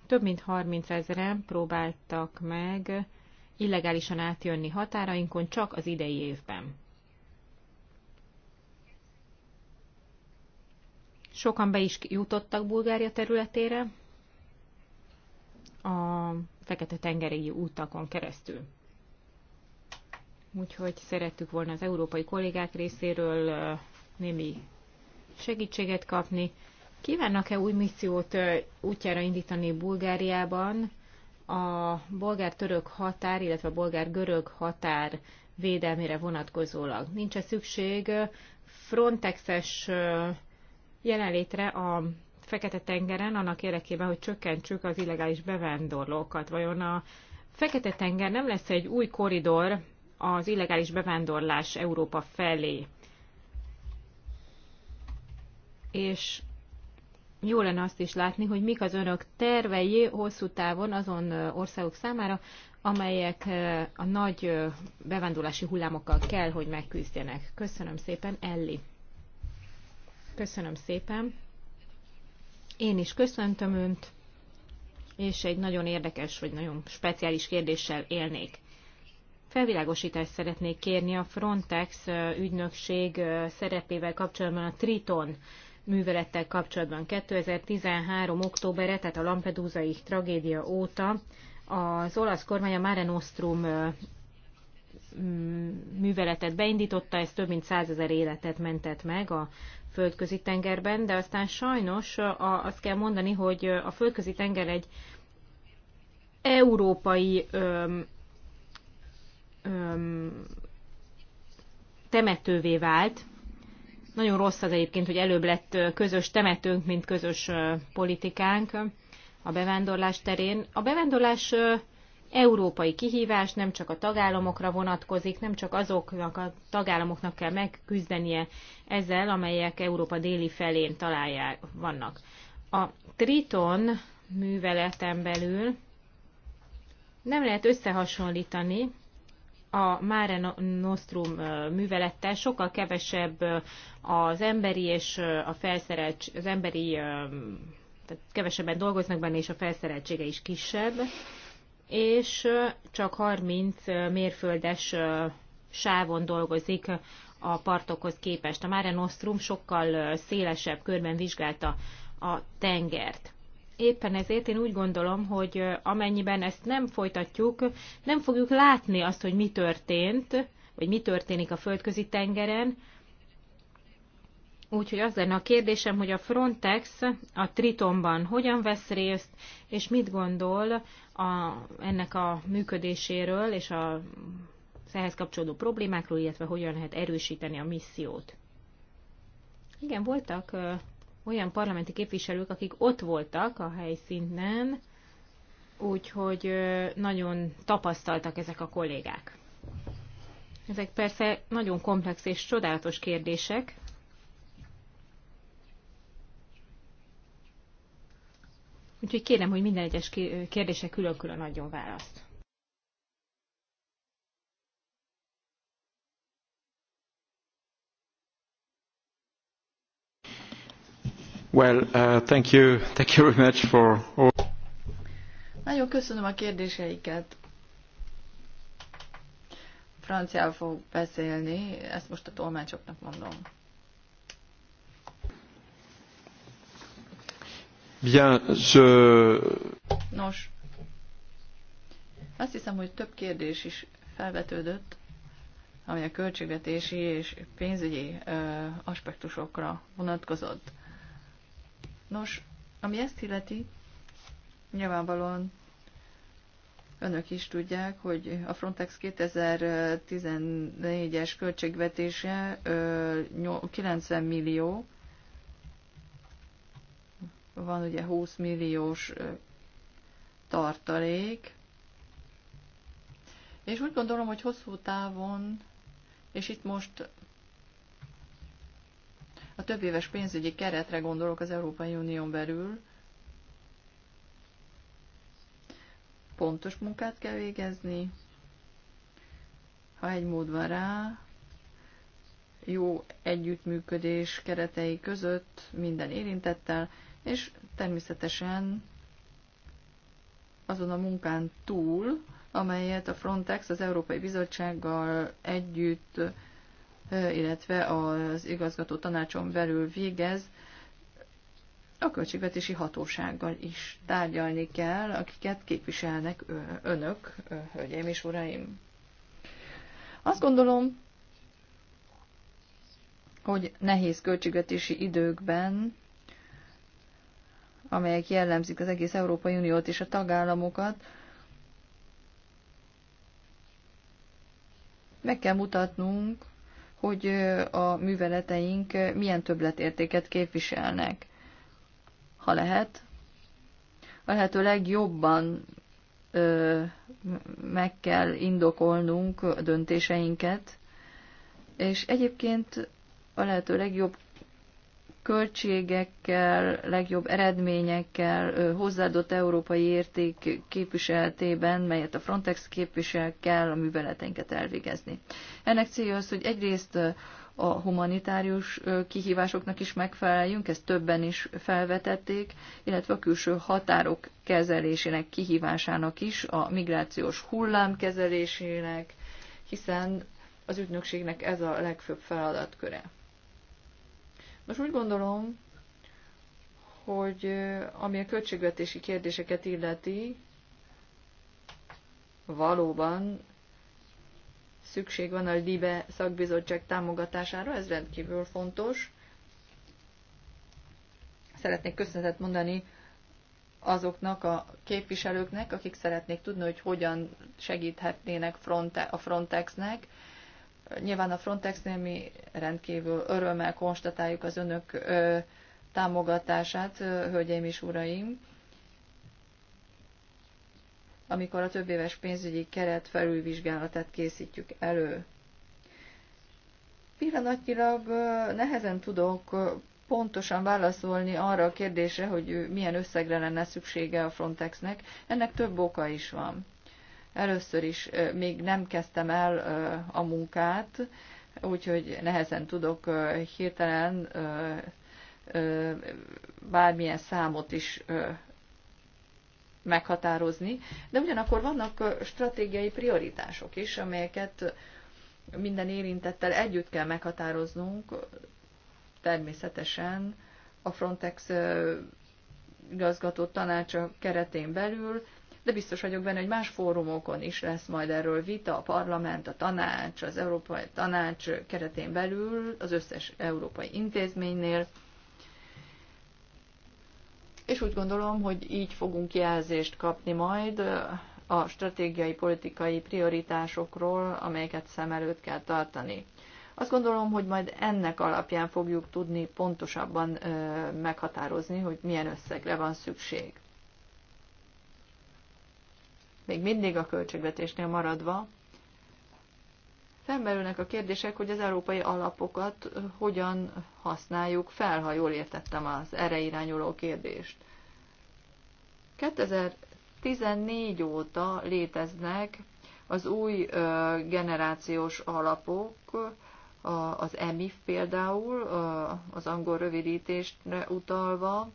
több mint 30 ezeren próbáltak meg illegálisan átjönni határainkon csak az idei évben. Sokan be is jutottak Bulgária területére a Fekete-tengeri útakon keresztül. Úgyhogy szerettük volna az európai kollégák részéről némi segítséget kapni, Kívánnak-e új missziót útjára indítani Bulgáriában a bolgár-török határ, illetve a bolgár-görög határ védelmére vonatkozólag? Nincs-e szükség Frontexes jelenlétre a Fekete-tengeren annak érdekében, hogy csökkentsük az illegális bevándorlókat? Vajon a Fekete-tenger nem lesz egy új koridor az illegális bevándorlás Európa felé? És jó lenne azt is látni, hogy mik az önök tervei hosszú távon azon országok számára, amelyek a nagy bevándorlási hullámokkal kell, hogy megküzdjenek. Köszönöm szépen, Elli. Köszönöm szépen. Én is köszöntöm Önt, és egy nagyon érdekes, vagy nagyon speciális kérdéssel élnék. Felvilágosítást szeretnék kérni a Frontex ügynökség szerepével kapcsolatban a Triton művelettel kapcsolatban. 2013. októberet, tehát a Lampedusai tragédia óta az olasz kormány a Mare Nostrum mm, műveletet beindította, ez több mint százezer életet mentett meg a földközi tengerben, de aztán sajnos azt kell mondani, hogy a földközi tenger egy európai öm, öm, temetővé vált, nagyon rossz az egyébként, hogy előbb lett közös temetőnk, mint közös politikánk a bevándorlás terén. A bevándorlás európai kihívás nem csak a tagállamokra vonatkozik, nem csak azoknak a tagállamoknak kell megküzdenie ezzel, amelyek Európa déli felén találják, vannak. A Triton műveleten belül nem lehet összehasonlítani a Mare Nostrum művelettel sokkal kevesebb az emberi és a felszerelt, az emberi, tehát kevesebben dolgoznak benne, és a felszereltsége is kisebb, és csak 30 mérföldes sávon dolgozik a partokhoz képest. A Mare Nostrum sokkal szélesebb körben vizsgálta a tengert. Éppen ezért én úgy gondolom, hogy amennyiben ezt nem folytatjuk, nem fogjuk látni azt, hogy mi történt, vagy mi történik a földközi tengeren. Úgyhogy az lenne a kérdésem, hogy a Frontex a Tritonban hogyan vesz részt, és mit gondol a, ennek a működéséről, és a ehhez kapcsolódó problémákról, illetve hogyan lehet erősíteni a missziót. Igen, voltak olyan parlamenti képviselők, akik ott voltak a helyszínen, úgyhogy nagyon tapasztaltak ezek a kollégák. Ezek persze nagyon komplex és csodálatos kérdések. Úgyhogy kérem, hogy minden egyes kérdése külön-külön adjon választ. Well, uh, thank you. Thank you very much for all... Nagyon köszönöm a kérdéseiket. Franciául fog beszélni, ezt most a tolmácsoknak mondom. Bien, je... Nos, azt hiszem, hogy több kérdés is felvetődött, ami a költségvetési és pénzügyi ö, aspektusokra vonatkozott. Nos, ami ezt illeti, nyilvánvalóan önök is tudják, hogy a Frontex 2014-es költségvetése 90 millió, van ugye 20 milliós tartalék, és úgy gondolom, hogy hosszú távon, és itt most a több éves pénzügyi keretre gondolok az Európai Unión belül. Pontos munkát kell végezni, ha egy mód van rá, jó együttműködés keretei között minden érintettel, és természetesen azon a munkán túl, amelyet a Frontex az Európai Bizottsággal együtt illetve az igazgató tanácson belül végez, a költségvetési hatósággal is tárgyalni kell, akiket képviselnek önök, hölgyeim és uraim. Azt gondolom, hogy nehéz költségvetési időkben, amelyek jellemzik az egész Európai Uniót és a tagállamokat, meg kell mutatnunk, hogy a műveleteink milyen többletértéket képviselnek. Ha lehet, a lehető legjobban ö, meg kell indokolnunk a döntéseinket, és egyébként a lehető legjobb költségekkel, legjobb eredményekkel, hozzáadott európai érték képviseletében, melyet a Frontex képvisel, kell a műveleteinket elvégezni. Ennek célja az, hogy egyrészt a humanitárius kihívásoknak is megfeleljünk, ezt többen is felvetették, illetve a külső határok kezelésének kihívásának is, a migrációs hullám kezelésének, hiszen az ügynökségnek ez a legfőbb feladatköre. Most úgy gondolom, hogy ami a költségvetési kérdéseket illeti, valóban szükség van a LIBE szakbizottság támogatására, ez rendkívül fontos. Szeretnék köszönetet mondani azoknak a képviselőknek, akik szeretnék tudni, hogy hogyan segíthetnének a Frontexnek, Nyilván a Frontexnél mi rendkívül örömmel konstatáljuk az önök ö, támogatását, ö, hölgyeim és uraim, amikor a több éves pénzügyi keret felülvizsgálatát készítjük elő. Pillanatnyilag nehezen tudok pontosan válaszolni arra a kérdésre, hogy milyen összegre lenne szüksége a Frontexnek. Ennek több oka is van. Először is még nem kezdtem el a munkát, úgyhogy nehezen tudok hirtelen bármilyen számot is meghatározni, de ugyanakkor vannak stratégiai prioritások is, amelyeket minden érintettel együtt kell meghatároznunk, természetesen a Frontex igazgató tanácsa keretén belül, de biztos vagyok benne, hogy más fórumokon is lesz majd erről vita, a parlament, a tanács, az Európai Tanács keretén belül, az összes európai intézménynél. És úgy gondolom, hogy így fogunk jelzést kapni majd a stratégiai politikai prioritásokról, amelyeket szem előtt kell tartani. Azt gondolom, hogy majd ennek alapján fogjuk tudni pontosabban meghatározni, hogy milyen összegre van szükség még mindig a költségvetésnél maradva, felmerülnek a kérdések, hogy az európai alapokat hogyan használjuk fel, ha jól értettem az erre irányuló kérdést. 2014 óta léteznek az új generációs alapok, az EMIF például, az angol rövidítést utalva,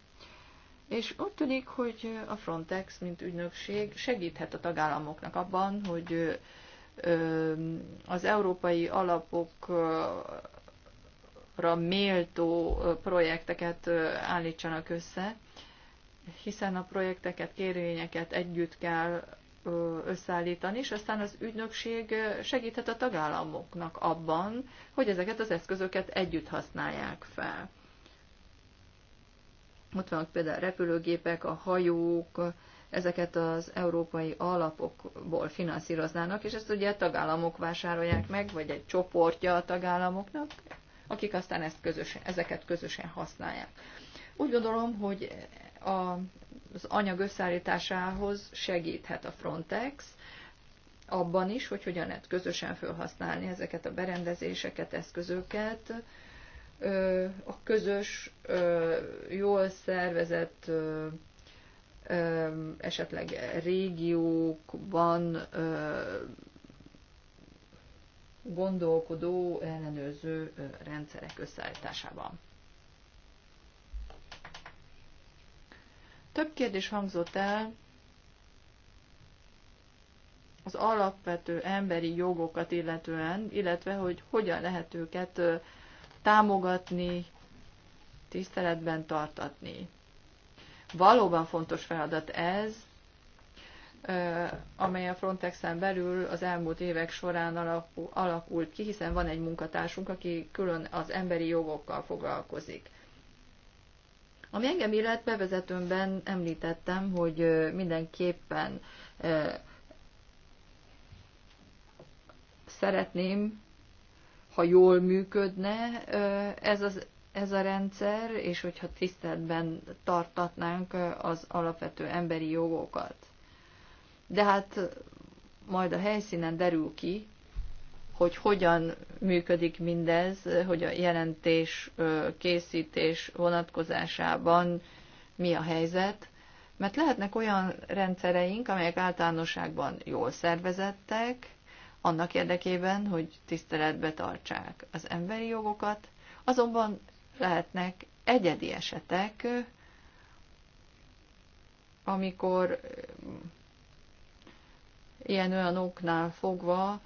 és úgy tűnik, hogy a Frontex, mint ügynökség segíthet a tagállamoknak abban, hogy az európai alapokra méltó projekteket állítsanak össze, hiszen a projekteket, kérvényeket együtt kell összeállítani, és aztán az ügynökség segíthet a tagállamoknak abban, hogy ezeket az eszközöket együtt használják fel. Ott vannak például repülőgépek, a hajók, ezeket az európai alapokból finanszíroznának, és ezt ugye a tagállamok vásárolják meg, vagy egy csoportja a tagállamoknak, akik aztán ezt közösen, ezeket közösen használják. Úgy gondolom, hogy a, az anyag összeállításához segíthet a Frontex, abban is, hogy hogyan lehet közösen felhasználni ezeket a berendezéseket, eszközöket, a közös, jól szervezett esetleg régiókban gondolkodó, ellenőrző rendszerek összeállításában. Több kérdés hangzott el az alapvető emberi jogokat illetően, illetve hogy hogyan lehet őket támogatni, tiszteletben tartatni. Valóban fontos feladat ez, amely a Frontexen belül az elmúlt évek során alakult ki, hiszen van egy munkatársunk, aki külön az emberi jogokkal foglalkozik. Ami engem illet, bevezetőmben említettem, hogy mindenképpen szeretném ha jól működne ez, az, ez a rendszer, és hogyha tiszteletben tartatnánk az alapvető emberi jogokat. De hát majd a helyszínen derül ki, hogy hogyan működik mindez, hogy a jelentés készítés vonatkozásában mi a helyzet, mert lehetnek olyan rendszereink, amelyek általánosságban jól szervezettek, annak érdekében, hogy tiszteletbe tartsák az emberi jogokat, azonban lehetnek egyedi esetek, amikor eh, ilyen olyan oknál fogva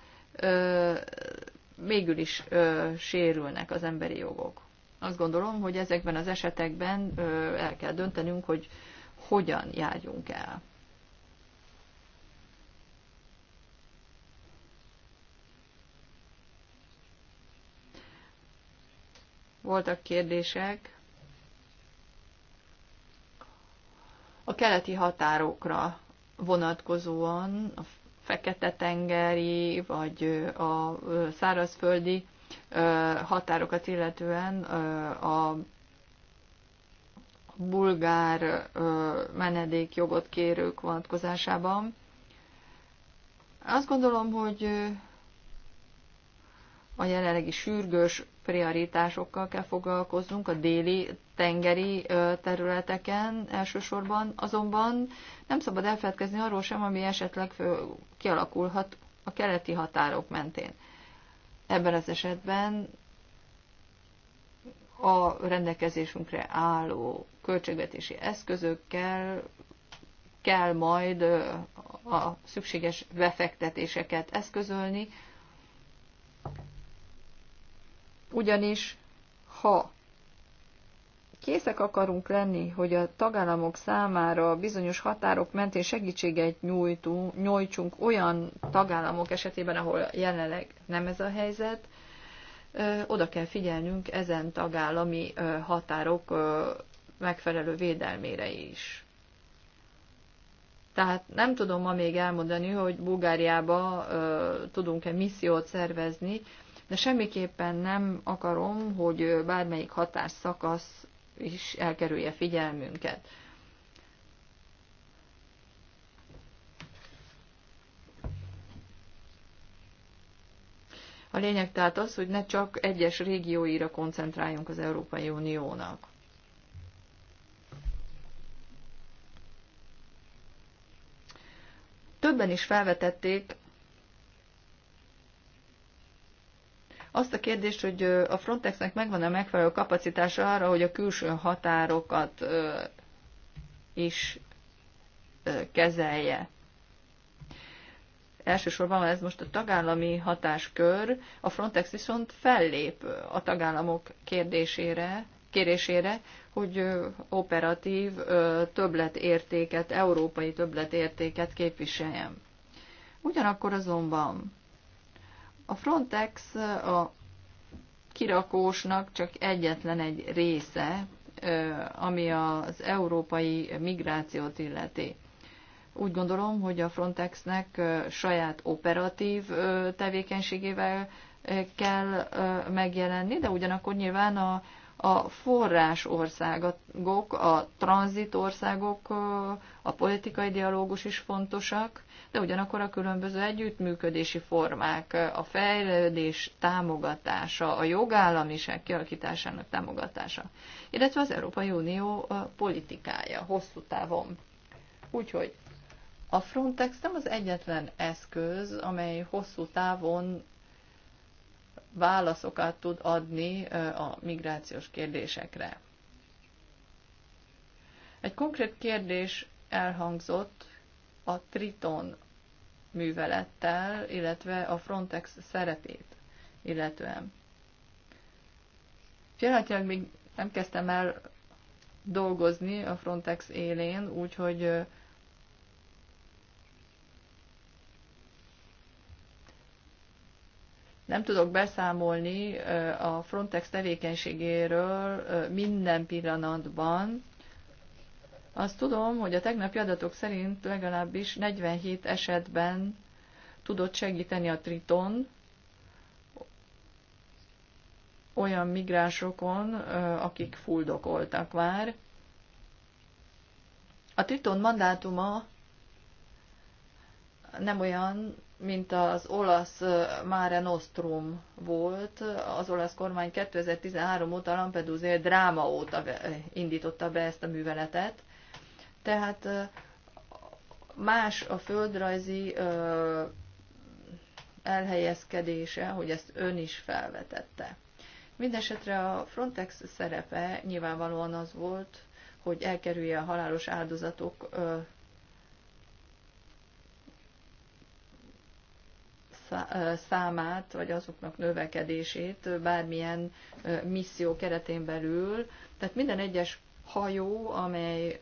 mégül eh, is eh, sérülnek az emberi jogok. Azt gondolom, hogy ezekben az esetekben el kell döntenünk, hogy hogyan járjunk el. Voltak kérdések a keleti határokra vonatkozóan, a Fekete-tengeri vagy a szárazföldi határokat illetően a bulgár menedékjogot kérők vonatkozásában. Azt gondolom, hogy a jelenlegi sürgős prioritásokkal kell foglalkoznunk a déli tengeri területeken elsősorban, azonban nem szabad elfeledkezni arról sem, ami esetleg kialakulhat a keleti határok mentén. Ebben az esetben a rendelkezésünkre álló költségvetési eszközökkel kell majd a szükséges befektetéseket eszközölni, ugyanis, ha készek akarunk lenni, hogy a tagállamok számára bizonyos határok mentén segítséget nyújtunk, nyújtsunk olyan tagállamok esetében, ahol jelenleg nem ez a helyzet, oda kell figyelnünk ezen tagállami határok megfelelő védelmére is. Tehát nem tudom ma még elmondani, hogy Bulgáriába tudunk-e missziót szervezni, de semmiképpen nem akarom, hogy bármelyik hatásszakasz is elkerülje figyelmünket. A lényeg tehát az, hogy ne csak egyes régióira koncentráljunk az Európai Uniónak. Többen is felvetették azt a kérdést, hogy a Frontexnek megvan e megfelelő kapacitása arra, hogy a külső határokat is kezelje. Elsősorban ez most a tagállami hatáskör, a Frontex viszont fellép a tagállamok kérdésére, kérésére, hogy operatív többletértéket, európai többletértéket képviseljen. Ugyanakkor azonban a Frontex a kirakósnak csak egyetlen egy része, ami az európai migrációt illeti. Úgy gondolom, hogy a Frontexnek saját operatív tevékenységével kell megjelenni, de ugyanakkor nyilván a, a országok, a országok a politikai dialógus is fontosak, de ugyanakkor a különböző együttműködési formák, a fejlődés támogatása, a jogállamiság kialakításának támogatása, illetve az Európai Unió politikája hosszú távon. Úgyhogy a Frontex nem az egyetlen eszköz, amely hosszú távon válaszokat tud adni a migrációs kérdésekre. Egy konkrét kérdés elhangzott a Triton művelettel, illetve a Frontex szerepét, illetően. Pillanatilag még nem kezdtem el dolgozni a Frontex élén, úgyhogy nem tudok beszámolni a Frontex tevékenységéről minden pillanatban, azt tudom, hogy a tegnapi adatok szerint legalábbis 47 esetben tudott segíteni a Triton olyan migránsokon, akik fuldokoltak már. A Triton mandátuma nem olyan, mint az olasz Mare Nostrum volt. Az olasz kormány 2013 óta Lampedusa dráma óta indította be ezt a műveletet. Tehát más a földrajzi elhelyezkedése, hogy ezt ön is felvetette. Mindenesetre a Frontex szerepe nyilvánvalóan az volt, hogy elkerülje a halálos áldozatok számát, vagy azoknak növekedését bármilyen misszió keretén belül. Tehát minden egyes hajó, amely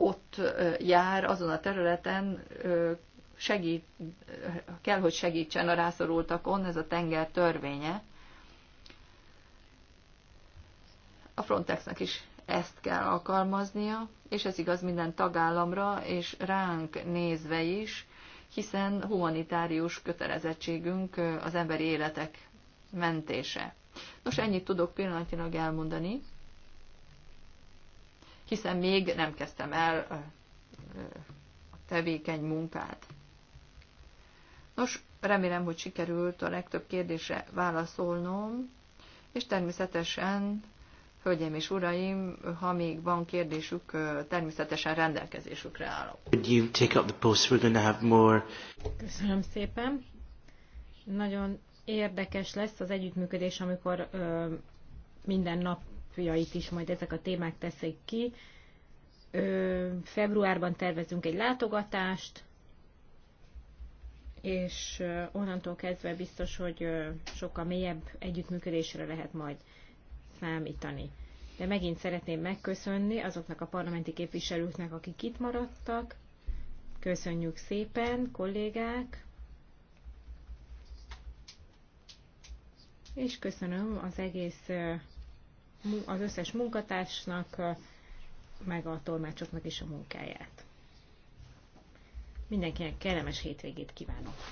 ott jár azon a területen, segít, kell, hogy segítsen a rászorultakon, ez a tenger törvénye. A Frontexnek is ezt kell alkalmaznia, és ez igaz minden tagállamra, és ránk nézve is, hiszen humanitárius kötelezettségünk az emberi életek mentése. Nos, ennyit tudok pillanatilag elmondani hiszen még nem kezdtem el a tevékeny munkát. Nos, remélem, hogy sikerült a legtöbb kérdésre válaszolnom, és természetesen, hölgyeim és uraim, ha még van kérdésük, természetesen rendelkezésükre állok. Köszönöm szépen. Nagyon érdekes lesz az együttműködés, amikor ö, minden nap fiait is majd ezek a témák teszik ki. Ö, februárban tervezünk egy látogatást, és onnantól kezdve biztos, hogy sokkal mélyebb együttműködésre lehet majd számítani. De megint szeretném megköszönni azoknak a parlamenti képviselőknek, akik itt maradtak. Köszönjük szépen, kollégák! És köszönöm az egész az összes munkatársnak, meg a tolmácsoknak is a munkáját. Mindenkinek kellemes hétvégét kívánok!